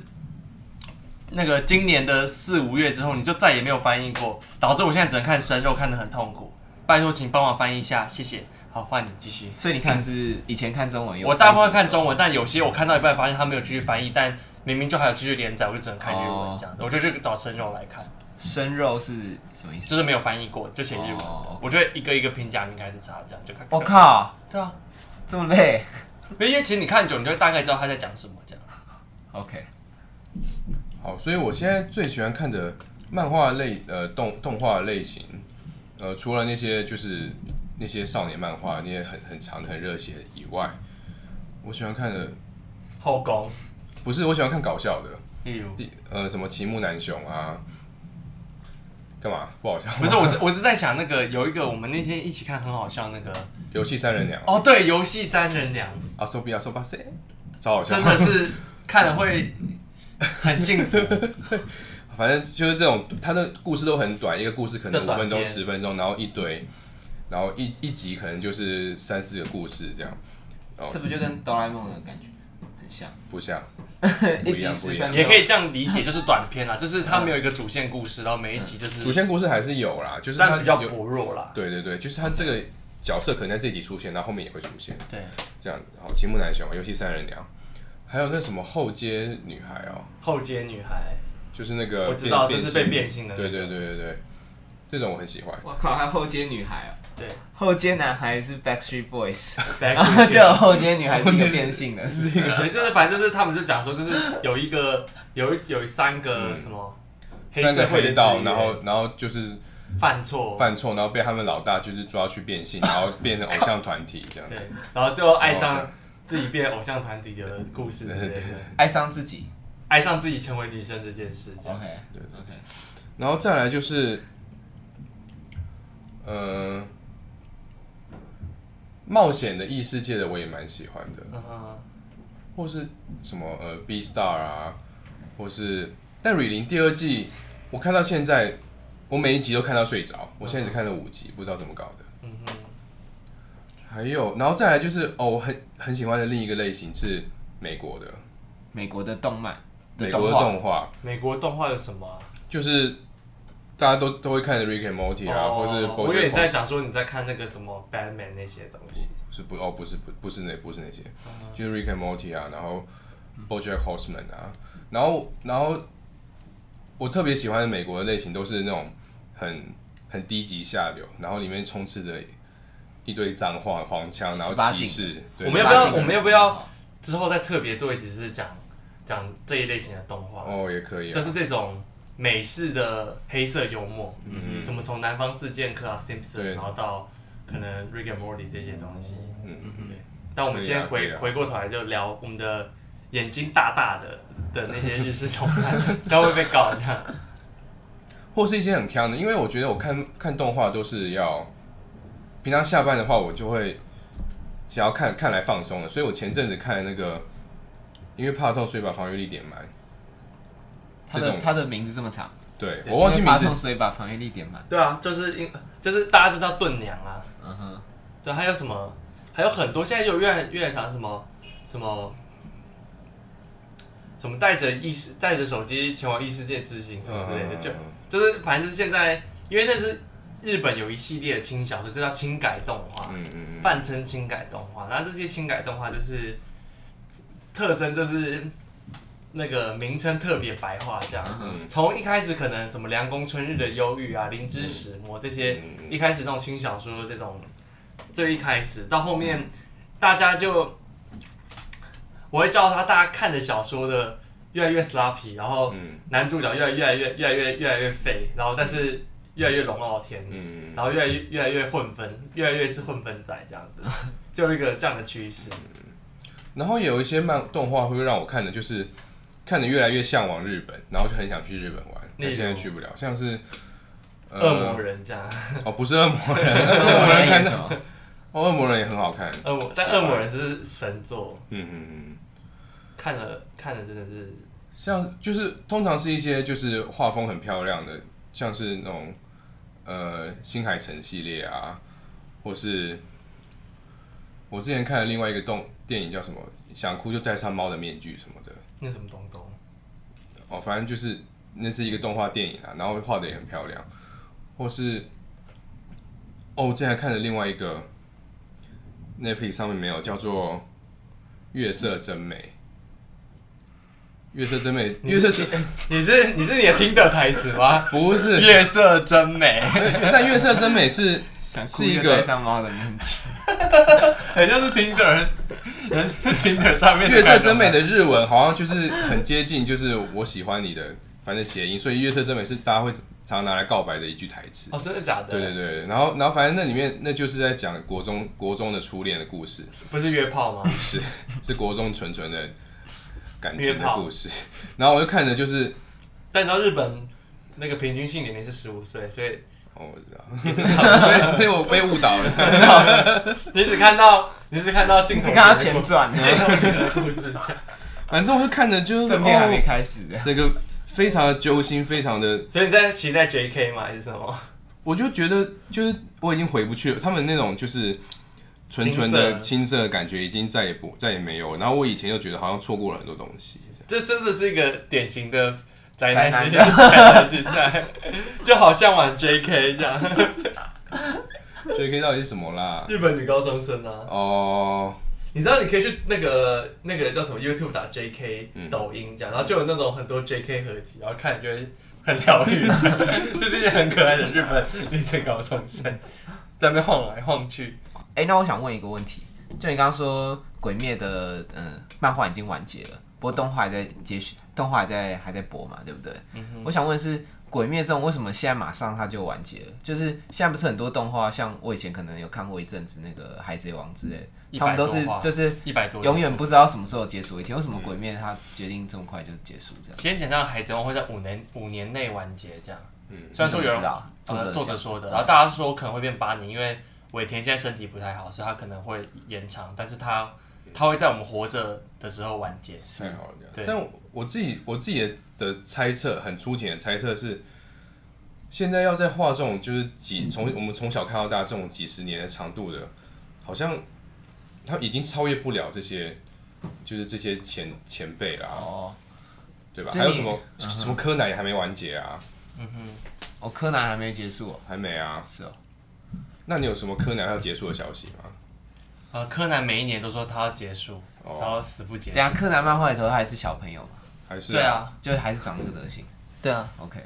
那個今年的四五月之後，你就再也沒有翻譯過，導致我現在只能看生肉，看得很痛苦。拜託，請幫我翻譯一下，謝謝。好，換你繼續。所以你看是以前看中文，我大部分看中文，但有些我看到一半發現他沒有繼續翻譯，但明明就還有繼續連載，我就只能看日文這樣、哦，我就去找生肉來看。生肉是什麼意思？就是沒有翻譯過，就寫日文。哦 okay. 我就一個一個評價應該是查，這樣就看。我、哦、靠，對啊，這麼累。因為其實你看久，你就大概知道他在講什麼這樣。OK。好，所以我現在最喜歡看著漫畫、呃、畫的漫畫類呃動動畫類型呃，除了那些就是。那些少年漫畫，那些很很長的、很熱血以外，我喜歡看的後宮不是，我喜歡看搞笑的，例如，呃，什麼齊木楠雄啊，幹嘛不好笑？不是我，我是在想那個有一個我們那天一起看很好笑那個遊戲三人娘哦，對，遊戲三人娘啊，so be 啊，so b a 超好笑，真的是看了會很幸福， 反正就是這種，他的故事都很短，一個故事可能五分鐘、十分鐘，然後一堆。然後一一集可能就是三四個故事這樣，哦、這不就跟哆啦 A 夢的感覺很像？不像，不一樣 一集分不一分。也可以這樣理解，就是短片啊，就 是他沒有一個主線故事，然後每一集就是、嗯、主線故事還是有啦，就是他就但比較薄弱啦。對對對，就是他這個角色可能在這集出現，到後後面也會出現。對，這樣子。好，齊木楠雄、遊戲三人娘，還有那什麼後街女孩哦？後街女孩，就是那個我知道這是被變性的、那個，對對對對對，這種我很喜歡。我靠，還後街女孩啊、哦！對後街男孩是 Backstreet Boys， 就後街女孩變變性的 是這一個 對，就是反正就是他們就講說，就是有一個 有有三個什麼黑三個黑道，然後然後就是犯錯犯錯，然後被他們老大就是抓去變性，然後變成偶像團體這樣， 對，然後最後愛上自己變成偶像團體的故事的，對對,對,對,對,對愛上自己，愛上自己成為女生這件事這，OK，對 OK，然後再來就是，呃。冒險的異世界的我也蠻喜歡的、嗯，或是什麼呃《B Star》啊，或是但《瑞林》第二季我看到現在，我每一集都看到睡着，我現在只看了五集、嗯，不知道怎麼搞的。嗯哼。還有，然後再來就是哦，我很很喜歡的另一個類型是美國的。美國的動漫，美國的動畫，美國動畫有什麼？就是。大家都都會看《Rick and Morty》啊，oh, 或是、Bojack Horseman, 我也在想說你在看那個什麼《Batman》那些東西。不是不哦？不是不是不是那不是那些，oh. 就是《Rick and Morty》啊，然後、啊《Bojack Horseman》啊，然後然後我特別喜歡的美國的類型，都是那種很很低級下流，然後裡面充斥着一堆髒話、黃腔，然後歧視。我們要不要我們要不要之後再特別做一集是講講這一類型的動畫？哦、oh,，也可以、啊，就是這種。美式的黑色幽默，嗯，什麼從南方四劍客啊、嗯、，Simpson，然後到可能 Rick and Morty 這些東西，嗯嗯嗯。對，但我們先回回過頭來就聊我們的眼睛大大的、嗯、的那些日式動漫，都 會被搞的。或是一些很 cute 的，因為我覺得我看看動畫都是要，平常下班的話我就會想要看看來放鬆的，所以我前陣子看的那個，因為怕痛，所以把防禦力點滿。他的他的名字這麼長，對，對我忘記名字。怕痛的我，把防禦力點滿。對啊，就是因就是大家就叫盾娘啊。嗯哼。對，還有什麼？還有很多，現在就有越，越來越來越長，什麼什麼什麼帶着異世帶着手機前往異世界之行什麼之類的，嗯、就就是反正就是現在，因為那是日本有一系列的輕小說，就叫輕改動畫，嗯嗯嗯，泛稱輕改動畫。然後這些輕改動畫就是特徵就是。那個名稱特別白話，這樣。從一開始可能什麼《涼宮春日的憂鬱》啊，嗯《零之使魔》這些，一開始那種輕小說的這種，最、嗯、一開始到後面，大家就我會叫他，大家看的小說的越來越 sloppy，然後男主角越來越、越來越、越來越廢，然後但是越來越龍傲天，然後越來越越來越混分，越來越是混分仔這樣子，就一個這樣的趨勢、嗯。然後有一些漫動畫會讓我看的，就是。看得越來越嚮往日本，然後就很想去日本玩。但現在去不了，像是惡魔人，這樣、呃。哦，不是惡魔人，惡 魔， 魔人也很好看。哦，惡魔人也很好看。惡魔，但惡魔人是神作。嗯嗯嗯。看了看了，真的是像就是通常是一些就是畫風很漂亮的，像是那種呃《新海誠》系列啊，或是我之前看了另外一個動電影叫什麼，《想哭就戴上貓的面具》什麼的。那什麼東東？哦，反正就是那是一個動畫電影啊，然後畫的也很漂亮。或是哦，我之前看了另外一個 Netflix 上面沒有，叫做《月色真美》。月色真美，月色真美，真你， 你，你是你是你的 Tinder 台詞嗎？不是，月色真美。但月色真美是想 是一個山貓像是 Tinder 人。 聽月色真美的日文好像就是很接近，就是我喜歡你的，反正諧音，所以月色真美是大家會常拿來告白的一句台詞。哦，真的假的？對對對，然後然後反正那裡面那就是在講國中國中的初戀的故事，不是約炮嗎？是，是國中純純的感情的故事。 然後我就看着就是，但你知道日本那個平均性年齡是十五歲，所以。哦，我知道，所以我被誤導了。 你只看到，你只看到，只看到前傳，前傳的故事反正 我就看着，就是麼還沒開始，這個非常的揪心，非常的。 所以你在期待 J.K. 嗎？還是什麼？ 我就覺得，就是我已經回不去了。他們那種就是純純的青澀的感覺，已經再也不，再也沒有了。然後我以前又覺得好像錯過了很多東西。這 真的是一個典型的。宅男心態， 就好像玩 JK 這樣。 JK 到底是什麼啦？日本女高中生啊。哦、oh...，你知道你可以去那個那個叫什麼 YouTube 打 JK，抖音這樣，嗯、然後就有那種很多 JK 合集，然後看你覺得很療癒， 就是一些很可愛的日本女生高中生在那邊晃來晃去。哎、欸，那我想問一個問題，就你剛剛說《鬼滅》的嗯漫畫已經完結了。不過動畫還在繼續，動畫還在還在播嘛，對不對？嗯、我想問的是《鬼滅》這種為什麼現在馬上它就完結了？就是現在不是很多動畫，像我以前可能有看過一陣子那個《海賊王》之類的，他們都是就是一百多，永遠不知道什麼時候結束。有一天為什麼《鬼滅》他決定這麼快就結束？這樣，先講講《海賊王》會在五年五年內完結這樣。雖然說有人作者作者說的、啊說的嗯，然後大家說可能會變八年，因為尾田現在身體不太好，所以他可能會延長，但是他。他會在我們活着的時候完結，是，好，但我自己我自己的猜測，很粗淺的猜測是，現在要在畫這種就是幾從、嗯、我們從小看到大這種幾十年的長度的，好像他已經超越不了這些，就是這些前前輩啦，哦，對吧？還有什麼、嗯、什麼柯南也還沒完結啊？嗯哼，哦，柯南還沒結束，哦，還沒啊？是哦，那你有什麼柯南要結束的消息嗎？呃，柯南每一年都說他要結束，然、oh. 後死不結束。等下，柯南漫畫裡頭他還是小朋友嘛？ 還是啊對啊，就還是長那個德行。對啊，OK。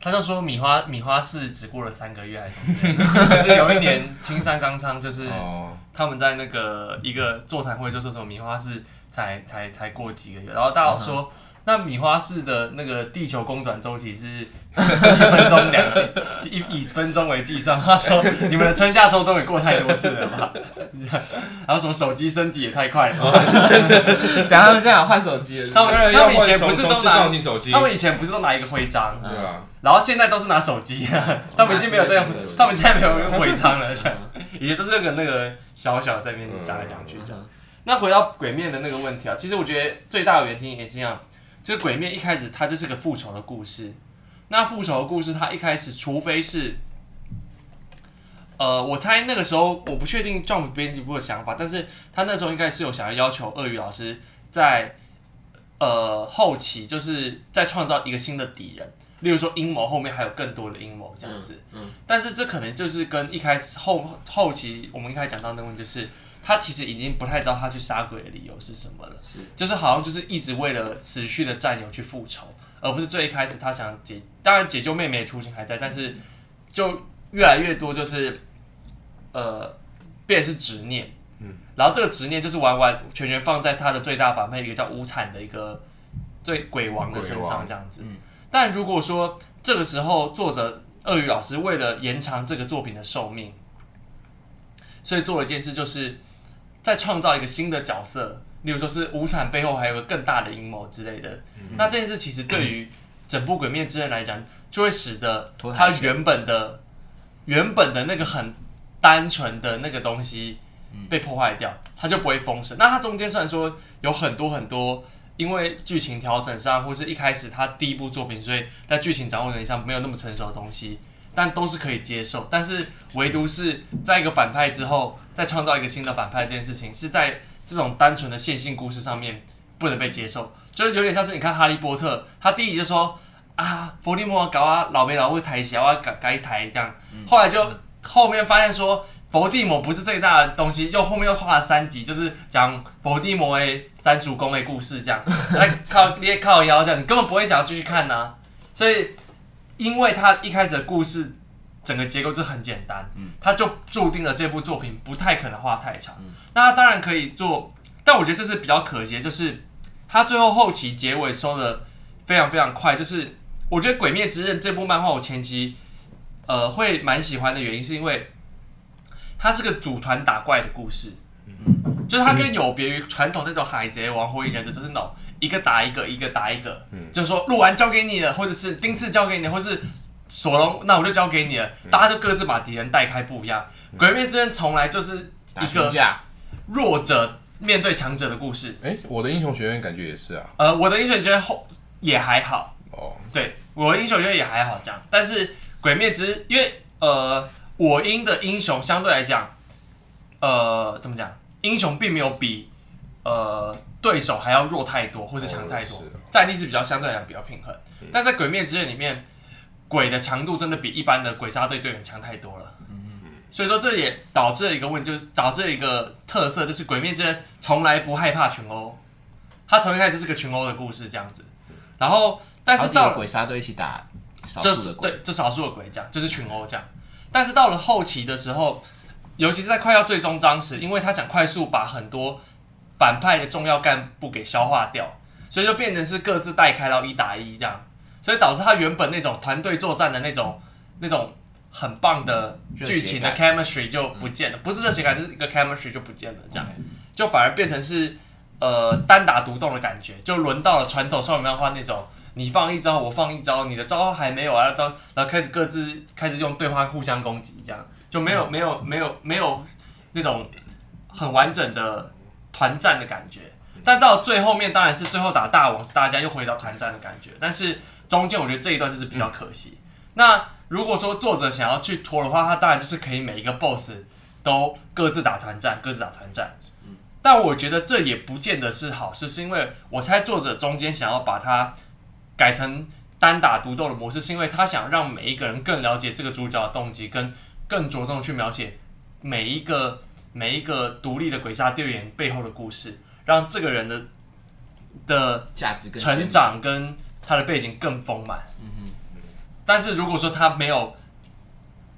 他就說米花米花市只過了三個月還是？可 是有一年青山剛昌就是他們在那個一個座談會就說什麼米花市才才才過幾個月，然後大家說。Oh, okay. 那米花市的那個地球公轉周期是一分鐘兩分，以 以分鐘為計算。他說你們的春夏秋冬也過太多次了吧？ 然後什麼手機升級也太快了吧，講、哦就是、 他們現在想換手機，他們以前不是都拿，他們，是都拿他們以前不是都拿一個徽章、啊嗯，對、啊、然後現在都是拿手機、啊哦、他們已經沒有、啊、這樣，子，他們現在沒有用徽章了、嗯，這樣，以前都是那個那個小小的在那邊講來講去、嗯、那回到鬼滅的那個問題啊，其實我覺得最大的原因也是這樣。這個鬼滅一開始他就是個復仇的故事，那復仇的故事他一開始，除非是，呃，我猜那個時候我不確定 Jump 編輯部的想法，但是他那時候應該是有想要要求鱷魚老師在，呃，後期就是再創造一個新的敵人，例如說陰謀後面還有更多的陰謀這樣子，嗯，嗯，但是這可能就是跟一開始後後期我們一開始講到那個問題，就是。他其實已經不太知道他去殺鬼的理由是什麼了，是，就是好像就是一直為了死去的戰友去復仇，而不是最一開始他想解當然解救妹妹的初心還在，嗯，但是就越來越多就是呃變成是執念，嗯，然後這個執念就是完完全全放在他的最大反派一個叫無慘的一個最鬼王的身上這樣子，嗯，但如果說這個時候作者鱷魚老師為了延長這個作品的壽命，所以做了一件事就是。在創造一個新的角色，例如說是無慘背後還有個更大的陰謀之類的、嗯，那這件事其實對於整部《鬼滅之刃》來講，就會使得他原本的、原本的那個很單純的那個東西被破壞掉，他就不會封神。那他中間雖然說有很多很多，因為劇情調整上或是一開始他第一部作品，所以在劇情掌握能力上沒有那麼成熟的東西。但都是可以接受，但是唯獨是在一個反派之後再創造一個新的反派這件事情，是在這種單純的線性故事上面不能被接受，就是有點像是你看《哈利波特》，他第一集就說啊，伏地魔搞啊老梅老會抬起來，我要搞搞一台，台這樣。後來就後面發現說伏地魔不是最大的東西，就後面又畫了三集，就是講伏地魔誒三叔公的故事這樣，來 靠直接靠腰這樣，你根本不會想要繼續看吶、啊，所以。因為他一開始的故事整個結構就很簡單，嗯，他就注定了這部作品不太可能畫太長。那他當然可以做，但我覺得這是比較可惜的，就是他最後後期結尾收得非常非常快。就是我覺得《鬼滅之刃》這部漫畫，我前期呃會蠻喜歡的原因，是因為它是個組團打怪的故事，嗯，就是它跟有別於傳統那種海賊王、火影這樣就是腦。一個打一個，一個打一個，嗯、就是說鹿丸交給你了，或者是丁次交給你，或者是索隆，那我就交給你了。嗯、大家就各自把敵人帶開，不一樣。嗯、鬼滅之刃從來就是一個弱者面對強者的故事。誒、欸，我的英雄學院感覺也是啊。呃，我的英雄學院後也還好哦。Oh. 對，我的英雄學院也還好這樣，但是鬼滅之因為呃，我英的英雄相對來講，呃，怎麼講？英雄並沒有比呃。對手還要弱太多，或是強太多，戰、哦、力是、哦、比較相對來講比較平衡。但在《鬼滅之刃》裡面，鬼的強度真的比一般的鬼殺隊隊員強太多了、嗯。所以說這也導致了一個問題，就是導致了一個特色，就是《鬼滅之刃》從來不害怕群毆，他從一開始就是個群毆的故事這樣子。然後，但是到了鬼殺隊一起打，這對這少數的鬼講，就是群毆這樣。但是到了後期的時候，尤其是在快要最終章時，因為他想快速把很多。反派的重要幹部給消化掉，所以就變成是各自帶開到一打一這樣，所以導致他原本那種團隊作戰的那種、那種很棒的劇情的 chemistry 就不見了，嗯、不是熱血感，就是一個 chemistry 就不見了，這樣、嗯、就反而變成是呃單打獨鬥的感覺，就輪到了傳統少女漫畫那種你放一招我放一招，你的招還沒有啊，然後開始各自開始用對話互相攻擊，這樣就沒有、嗯、沒有沒有沒有那種很完整的。團戰的感覺，但到最後面當然是最後打大王，是大家又回到團戰的感覺。但是中間我覺得這一段就是比較可惜。嗯、那如果說作者想要去拖的話，他當然就是可以每一個 BOSS 都各自打團戰，各自打團戰、嗯。但我覺得這也不見得是好事，是因為我猜作者中間想要把它改成單打獨鬥的模式，是因為他想讓每一個人更了解這個主角的動機，跟更着重去描寫每一個。每一個獨立的鬼殺隊員背後的故事，讓這個人的的價值跟成長跟他的背景更豐滿。嗯哼。但是如果說他沒有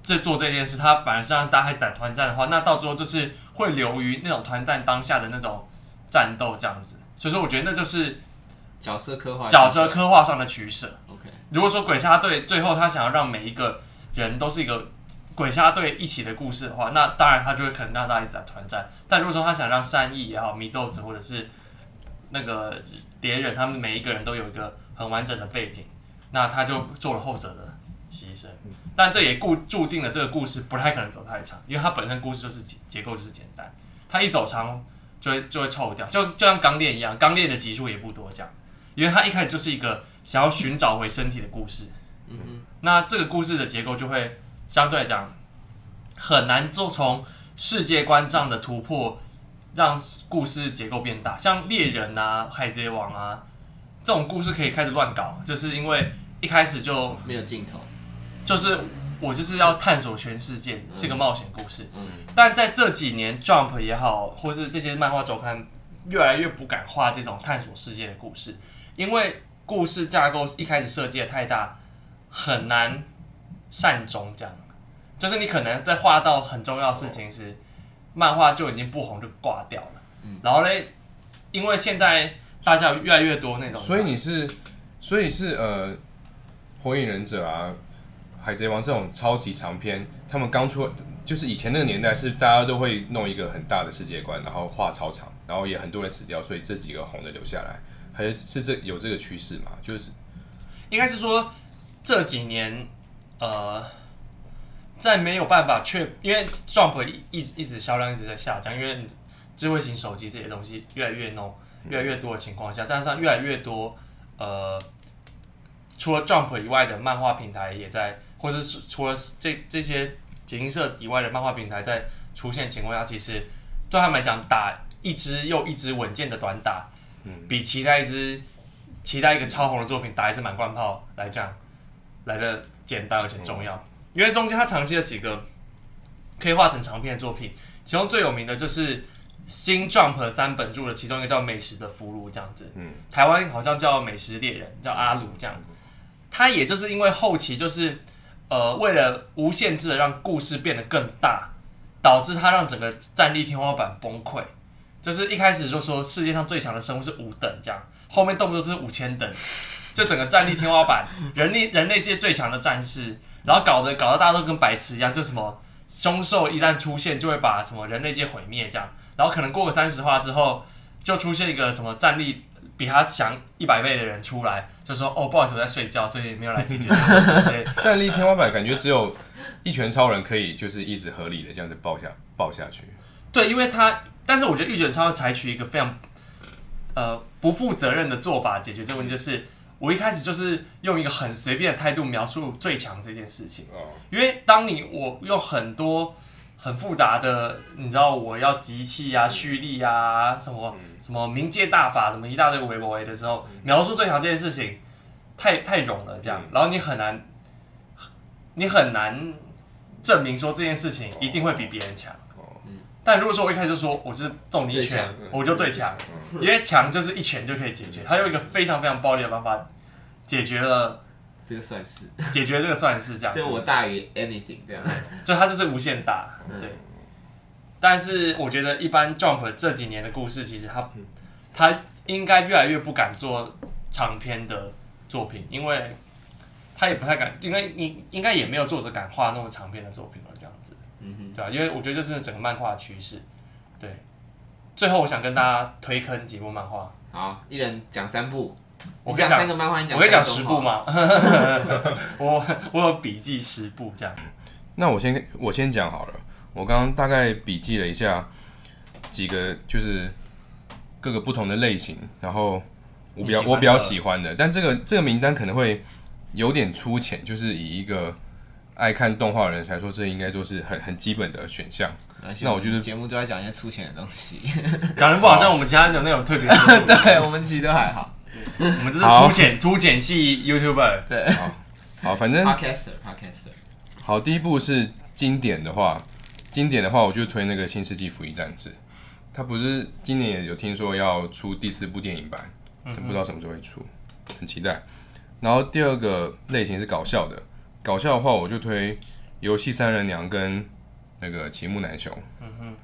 在做這件事，他反而是讓大家打團戰的話，那到最後就是會流於那種團戰當下的那種戰鬥這樣子。所以說，我覺得那就是角色刻畫、角色刻畫上的取捨。OK。如果說鬼殺隊最後他想要讓每一個人都是一個。鬼殺隊一起的故事的話，那當然他就會可能讓大家一直在團戰。但如果說他想讓善逸也好、禰豆子或者是那個蝶忍，他們每一個人都有一個很完整的背景，那他就做了後者的犧牲。但這也固注定了這個故事不太可能走太長，因為它本身故事就是結構，結構就是簡單，它一走長就會就會臭掉。就就像鋼煉一樣，鋼煉的集數也不多講，因為它一開始就是一個想要尋找回身體的故事。嗯嗯，那這個故事的結構就會。相對來講，很難做從世界觀上的突破，讓故事結構變大，像獵人啊、海賊王啊這種故事可以開始亂搞，就是因為一開始就沒有盡頭，就是我就是要探索全世界，嗯，是個冒險故事。但在這幾年，嗯，Jump 也好，或是這些漫畫周刊越來越不敢畫這種探索世界的故事，因為故事架構一開始設計的太大，很難。善終這樣，就是你可能在畫到很重要的事情時，漫畫就已經不紅就掛掉了。嗯，然後嘞，因為現在大家有越來越多那種，所以你是，所以是呃，《火影忍者》啊，《海賊王》這種超級長篇，他們剛出就是以前那個年代是大家都會弄一個很大的世界觀，然後畫超長，然後也很多人死掉，所以這幾個紅的留下來，還是這有這個趨勢嘛？就是應該是說這幾年。呃，在沒有辦法確，因為 Jump 一一直一直銷量一直在下降，因為智慧型手機這些東西越來越弄，越來越多的情況下，加、嗯、上越來越多呃，除了 Jump 以外的漫畫平台也在，或者是除了這這些集英社以外的漫畫平台在出現的情況下，其實對他們來講，打一支又一支穩健的短打、嗯，比其他一支其他一個超紅的作品打一支滿貫炮來講來的簡單而且重要，因為中間他長期有幾個可以畫成長篇的作品，其中最有名的就是新 Jump 三本柱的其中一個叫美食的俘虜這樣子，台灣好像叫美食獵人，叫阿魯這樣。他也就是因為後期就是呃為了無限制的讓故事變得更大，導致他讓整個戰力天花板崩潰。就是一開始就說世界上最強的生物是五等這樣，後面動不動就是五千等。就整個戰力天花板， 人類人類界最強的戰士，然後搞得搞得大家都跟白痴一樣，就什麼凶獸一旦出現就會把什麼人類界毀滅這樣，然後可能過個三十話之後，就出現一個什麼戰力比他強一百倍的人出來，就說哦，不好意思，我在睡覺，所以沒有來進去 戰力天花板感覺只有一拳超人可以，就是一直合理的這樣子抱下抱下去。對，因為他，但是我覺得一拳超人採取一個非常呃不負責任的做法解決這個問題，就是。嗯我一開始就是用一個很隨便的態度描述最強這件事情，因為當你我用很多很複雜的，你知道我要集氣啊、蓄力啊、什麼什麼冥界大法、什麼一大堆圍脖圍的時候，描述最強這件事情太太冗了，這樣，然後你很難你很難證明說這件事情一定會比別人強。但如果說我一開始就說我就是重擊拳強，我就最強，因為強就是一拳就可以解決。他用一個非常非常暴力的方法解決了這個算式、這個，解決這個算式這樣。就我大於 anything 這樣，就他這是無限大。對，但是我覺得一般 Jump 這幾年的故事，其實他、嗯、他應該越來越不敢做長篇的作品，因為他也不太敢，因為應該應該也沒有作者敢畫那麼長篇的作品。嗯哼，對啊，因為我覺得這是整個漫畫的趨勢。對，最後我想跟大家推坑幾部漫畫。好，一人講三部。我講三個漫畫，你講個我跟講十部嗎？ 我我有筆記十部這樣。 那我先我先講好了。我剛剛大概筆記了一下幾個，就是各個不同的類型。然後我比較我比較喜歡的，但這個這個名單可能會有點粗淺，就是以一個。愛看動畫的人來說，這應該都是很很基本的選項。那我就是節目都在講一些粗淺的東西，講 的不好、哦、像我們其他有那種特別。 對我們其實都還好，我們這是粗淺粗淺系 YouTuber。對，好，好反正。Podcaster，Podcaster Podcaster。好，第一部是經典的話，經典的話我就推那個《新世紀福音戰士》，它不是今年也有聽說要出第四部電影版，嗯嗯但不知道什麼時候會出，很期待。然後第二個類型是搞笑的。搞笑的話，我就推《遊戲三人娘》跟那個齊木楠雄。嗯哼。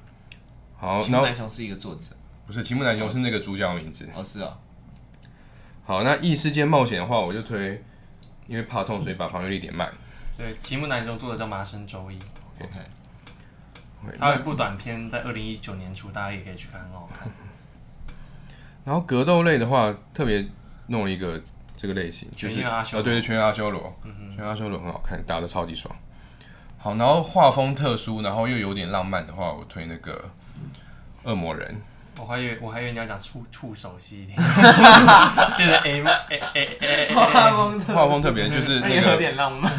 好。齊木楠雄是一個作者。不是，齊木楠雄是那個主角名字。哦，是哦。好，那異世界冒險的話，我就推，因為怕痛，所以把防禦力點滿。對，齊木楠雄作者叫麻生周一。OK。他有一部短片，在二零一九年初，大家也可以去看哦。然後格鬥類的話，特別弄一個。這個類型就是啊，對、哦、對，拳願阿修羅，嗯，拳願阿修羅很好看，打得超級爽。好，然後畫風特殊，然後又有點浪漫的話，我推那個惡魔人。我還以為我還以為你要講觸觸手系列，哈哈哈哈哈。就是誒誒誒畫風畫風特別，特別就是那個有點浪漫，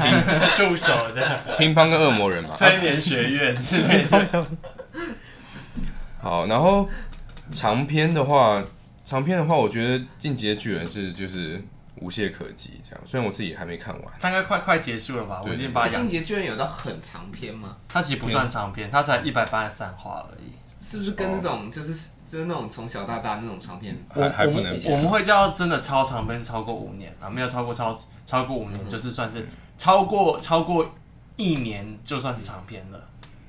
觸手的乒乓跟惡魔人嘛， 催眠學院之類的。 好，然後長篇的話，長篇的話，我覺得進擊的巨人是就是。就是無懈可擊，這樣。雖然我自己還沒看完，它應該快快結束了吧？我已經把。李、啊、靖杰居然有到很長篇嗎？他其實不算長篇，他、嗯、才一百八十三話而已、嗯。是不是跟那種就是就是那種從小到大，大那種長篇？不能？我們我們會叫真的超長篇是超過五年，啊，沒有超過超超過五年、嗯、就是算是超過超過一年就算是長篇了。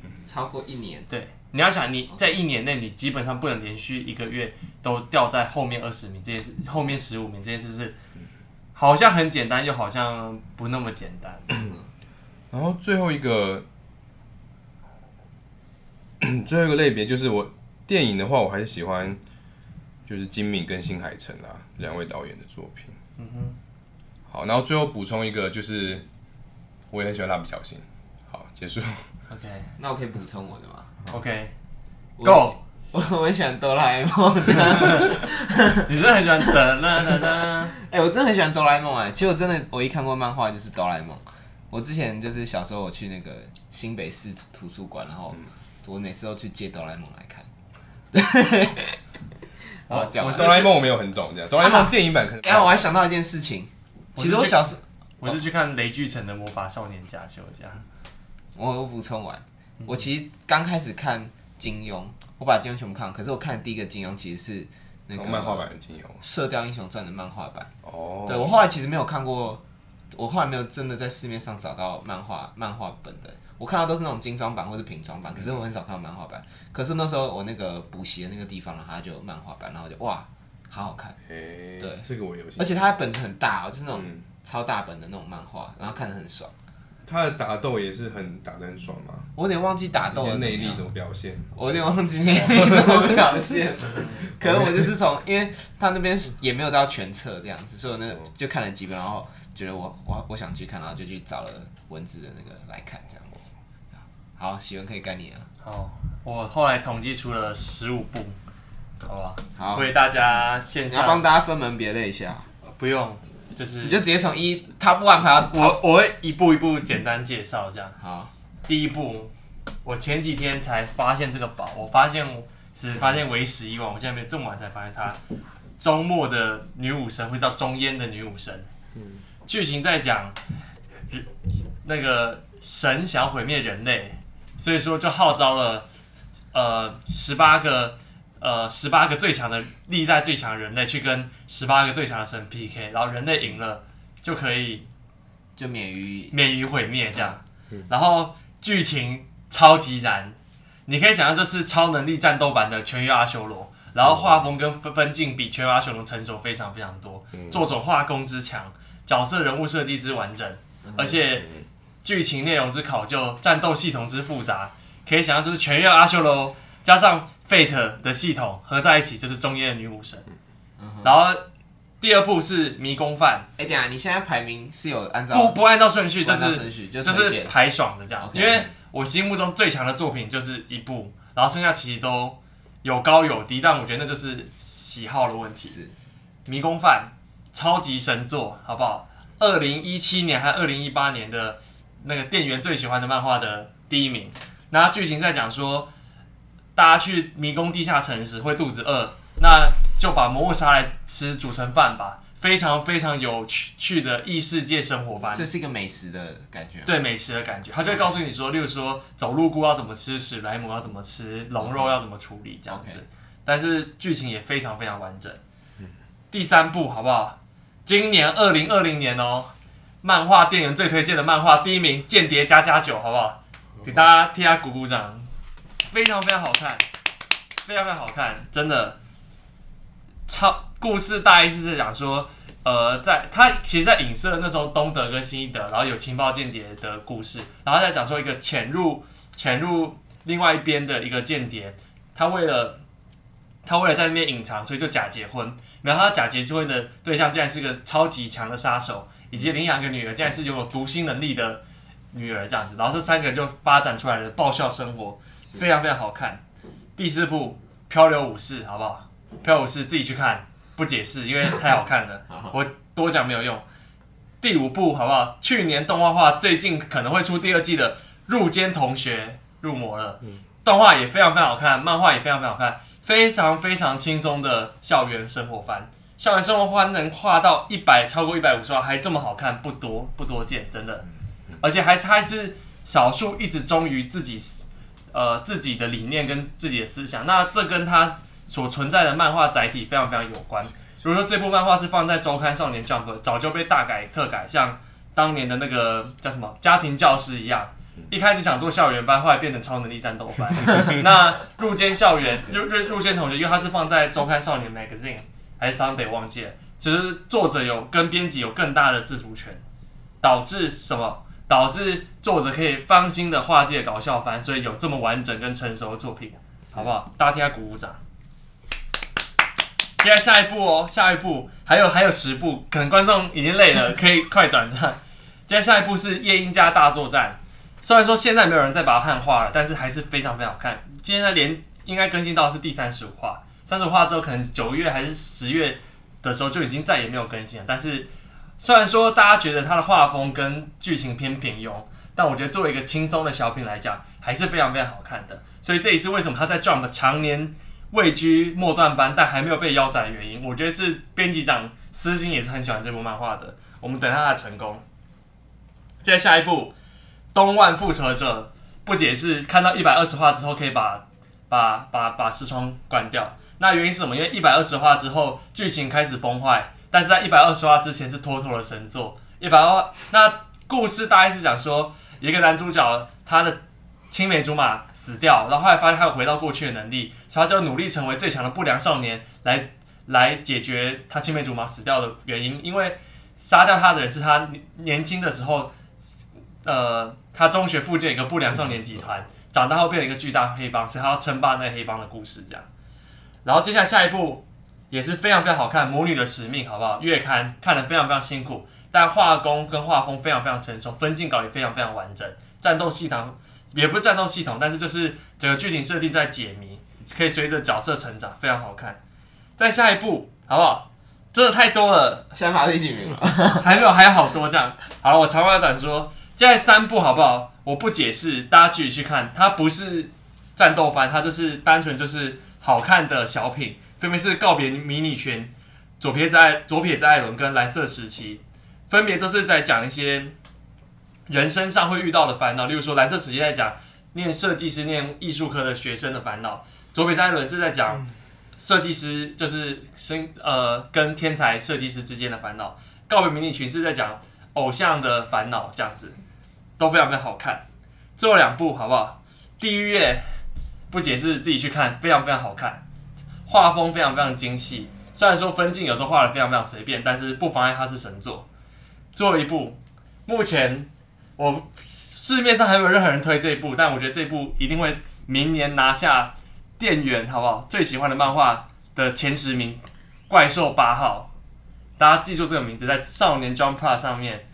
嗯、超過一年，對，你要想你在一年內你基本上不能連續一個月都掉在後面二十名這件事，後面十五名這件事是。好像很簡單，又好像不那麼簡單。 然後最後一個， 最後一個類別就是我電影的話，我還是喜歡就是金敏跟新海誠啦，兩位導演的作品。嗯哼。好，然後最後補充一個，就是我也很喜歡蠟筆小新。好，結束。OK，那我可以補充我的嗎？OK，Go。 okay, go! 我我也喜歡哆啦 A 夢 對， 你真的很喜歡哆啦 A 夢？哎、欸，我真的很喜歡哆啦 A 夢哎！其實我真的我一看過漫畫就是哆啦 A 夢。我之前就是小時候我去那個新北市圖書館，然後我每次都去借哆啦 A 夢來看 我我。我哆啦 A 夢我沒有很懂這樣。哆啦、啊、哆啦 A 夢電影版可能……哎、嗯，我還想到一件事情，其實我小時候我就去、oh. 去看雷句誠的《魔法少年賈修》這樣。我補充完，我其實剛開始看金庸。我把金庸全部看了，可是我看的第一個金庸其實是那個漫畫版的金庸，《射鵰英雄傳》的漫畫版。哦，對，我後來其實沒有看過，我後來沒有真的在市面上找到漫畫漫畫本的，我看到都是那種精裝版或是平裝版，可是我很少看到漫畫版，嗯。可是那時候我那個補習的那個地方，然後它就有漫畫版，然後我就哇，好好看。誒、欸，對，這個我也有。而且它本子很大哦，就是那種超大本的那種漫畫，然後看得很爽。他的打鬥也是很打得很爽嘛。我有點忘記打鬥的內力怎麼表現，我有點忘記內力怎麼表現， 可能我就是從因為他那邊也沒有到全冊這樣子，所以呢，就看了幾本，然後覺得我我我想去看，然後就去找了文字的那個來看這樣子。好，璽文可以幹你了。好，我後來統計出了十五部，好啊，好，為大家線下幫大家分門別類一下，不用。就是，你就直接從一，他不安排我，我會一步一步簡單介紹這樣。好，第一步，我前幾天才發現這個寶，我發現只發現為時已晚，我現在沒這麼晚才發現它終末的女武神，不知道終焉的女武神。嗯，劇情在講，那個神想毀滅人類，所以說就號召了，呃，十八個。呃，十八個最強的歷代最強人類去跟十八個最強的神 PK，然後人類贏了就可以就免於免於毀滅這樣。嗯嗯、然後劇情超級燃，你可以想象這是超能力戰鬥版的《拳願阿修羅》，然後畫風跟分、嗯、分鏡比《拳願阿修羅》成熟非常非常多，作、嗯、畫工之強，角色人物設計之完整，而且劇、嗯嗯、情內容之考究，戰鬥系統之複雜，可以想象這是《拳願阿修羅》加上。Fate 的系統合在一起就是《終末的女武神》，嗯，然後第二部是《迷宮飯》。哎，等下，你現在排名是有按照不不按照，就是、不按照順序，就是就是排爽的這樣。Okay. 因為我心目中最強的作品就是一部，然後剩下其實都有高有低，但我覺得那就是喜好的問題。《迷宮飯》超級神作，好不好？二零一七年還是二零一八年的那個店員最喜歡的漫畫的第一名。那劇情在講說。大家去迷宮地下城時會肚子餓，那就把魔物拿來吃，煮成飯吧。非常非常有趣趣的異世界生活飯，這是一個美食的感覺，對美食的感覺。他就會告訴你說，例如說，走路菇要怎麼吃，史萊姆要怎麼吃，龍肉要怎麼處理、嗯、這樣子。Okay. 但是劇情也非常非常完整。嗯、第三部好不好？今年二零二零年哦，漫畫店員最推薦的漫畫第一名《間諜家家酒》，好不好？給大家替他鼓鼓掌。非常非常好看，非常非常好看，真的。超故事大意是在講說，呃，在他其實，在影射那時候東德跟西德，然後有情報間諜的故事，然後再講說一個潛入潛入另外一邊的一個間諜，他為了他為了在那邊隱藏，所以就假結婚，然後他假結婚的對象竟然是一個超級強的殺手，以及領養一個女兒，竟然是有讀心能力的女兒這樣子，然後這三個人就發展出來的爆笑生活。非常非常好看，第四部《漂流武士》好不好？《漂流武士》自己去看，不解釋，因為太好看了，我多講沒有用。 第五部好不好？去年動畫化，最近可能會出第二季的《入間同學入魔了》，嗯，動畫也非常非常好看，漫畫也非常非常好看，非常非常輕鬆的校園生活番。校園生活番能跨到一百，超過一百五十萬還這麼好看，不多不多見，真的，而且還差一隻少數一直忠於自己。呃，自己的理念跟自己的思想，那這跟他所存在的漫畫載體非常非常有關。比如說這部漫畫是放在周刊少年 Jump 的，早就被大改特改，像當年的那個叫什麼家庭教師一樣，一開始想做校園番，後來變成超能力戰鬥番。 那入間校園入入入間同學，因為他是放在周刊少年 Magazine 還是 Sunday 忘記了，其實作者有跟編輯有更大的自主權，導致什麼？導致作者可以放心的畫界搞笑番，所以有這麼完整跟成熟的作品，好不好？大家鼓鼓掌。接下來下一步哦，下一步還有還有十部，可能觀眾已經累了， 可以快轉。哈，接下來下一步是《夜櫻家大作戰》，雖然說現在沒有人再把它漢化了，但是還是非常非常好看。現在連應該更新到是第三十五話，三十五話之後可能九月還是十月的時候就已經再也沒有更新了，但是。雖然說大家覺得他的畫風跟劇情偏平庸，但我覺得作為一個輕鬆的小品來講，還是非常非常好看的。所以這也是為什麼他在《Jump》常年位居末段班，但還沒有被腰斬的原因。我覺得是編輯長私心也是很喜歡這部漫畫的。我們等他的成功。接下,下一部，《東卍復仇者》不解釋，看到一百二十話之後可以把把把把視窗關掉，那原因是什麼？因為一百二十話之後劇情開始崩壞。但是在一百二十話之前是妥妥的神作。一百二十話，那故事大概是講說，一個男主角他的青梅竹馬死掉，然後後來發現他有回到過去的能力，所以他就努力成為最強的不良少年來，來來解決他青梅竹馬死掉的原因，因為殺掉他的人是他年輕的時候，呃，他中學附近有一個不良少年集團，長大後變成一個巨大黑幫，所以他要稱霸那個黑幫的故事這樣。然後接下來下一步。也是非常非常好看，《魔女的使命》好不好？月刊看得非常非常辛苦，但畫工跟畫風非常非常成熟，分鏡稿也非常非常完整。戰鬥系統也不是戰鬥系統，但是就是整個劇情設定在解謎，可以隨着角色成長，非常好看。再下一部好不好？真的太多了，先發第幾名了？ 還沒有，還有好多這樣。好了，我長話短，短說，接下來三部好不好？我不解釋，大家自己去看。它不是戰鬥番，它就是單純就是好看的小品。分別是告別迷你裙，左撇子艾左撇子艾倫跟藍色時期，分別都是在講一些人生上會遇到的煩惱，例如說藍色時期在講念設計師念藝術科的學生的煩惱，左撇子艾倫是在講設計師就是生、嗯、呃跟天才設計師之間的煩惱，告別迷你裙是在講偶像的煩惱，這樣子都非常非常好看。最後兩部好不好？地獄樂不解釋自己去看，非常非常好看。畫風非常非常精細，雖然說分鏡有時候畫得非常非常隨便，但是不妨礙它是神作。最後一部，目前我市面上還沒有任何人推這一部，但我覺得這一部一定會明年拿下店員好不好？最喜歡的漫畫的前十名，《怪獸八號》，大家記住這個名字，在《少年 Jump Plus》上面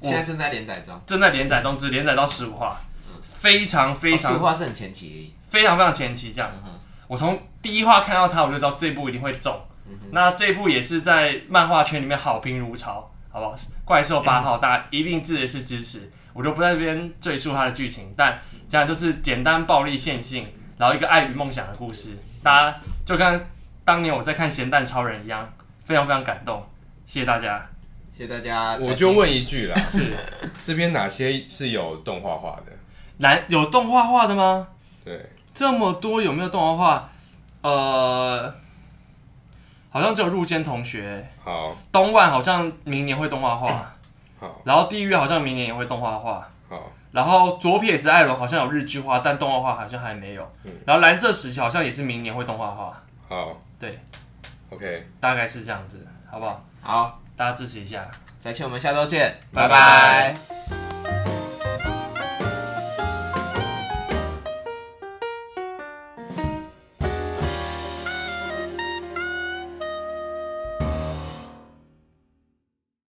我。現在正在連載中，正在連載中，只連載到十五話。非常非常哦、十五話是很前期而已，非常非常前期這樣。我從第一話看到他，我就知道這一部一定會中。嗯、那這部也是在漫畫圈裡面好評如潮，好不好？怪獸八號，大家一定自己去支持、嗯。我就不在這邊贅述它的劇情，但這樣就是簡單暴力線性、嗯，然後一個愛與夢想的故事、嗯。大家就跟當年我在看鹹蛋超人一樣，非常非常感動。謝謝大家，謝謝大家。我就問一句啦， 是 這邊哪些是有動畫化的？來，有動畫化的嗎？對。這麼多有沒有動畫化？呃，好像只有入間同學。好。東卍好像明年會動畫化、嗯。好。然後地獄好像明年也會動畫化。好。然後左撇子艾倫好像有日劇化，但動畫化好像還沒有。嗯、然後藍色時期好像也是明年會動畫化。好。對。OK，大概是這樣子，好不好？好，大家支持一下，再見，我們下周見，拜拜。拜拜。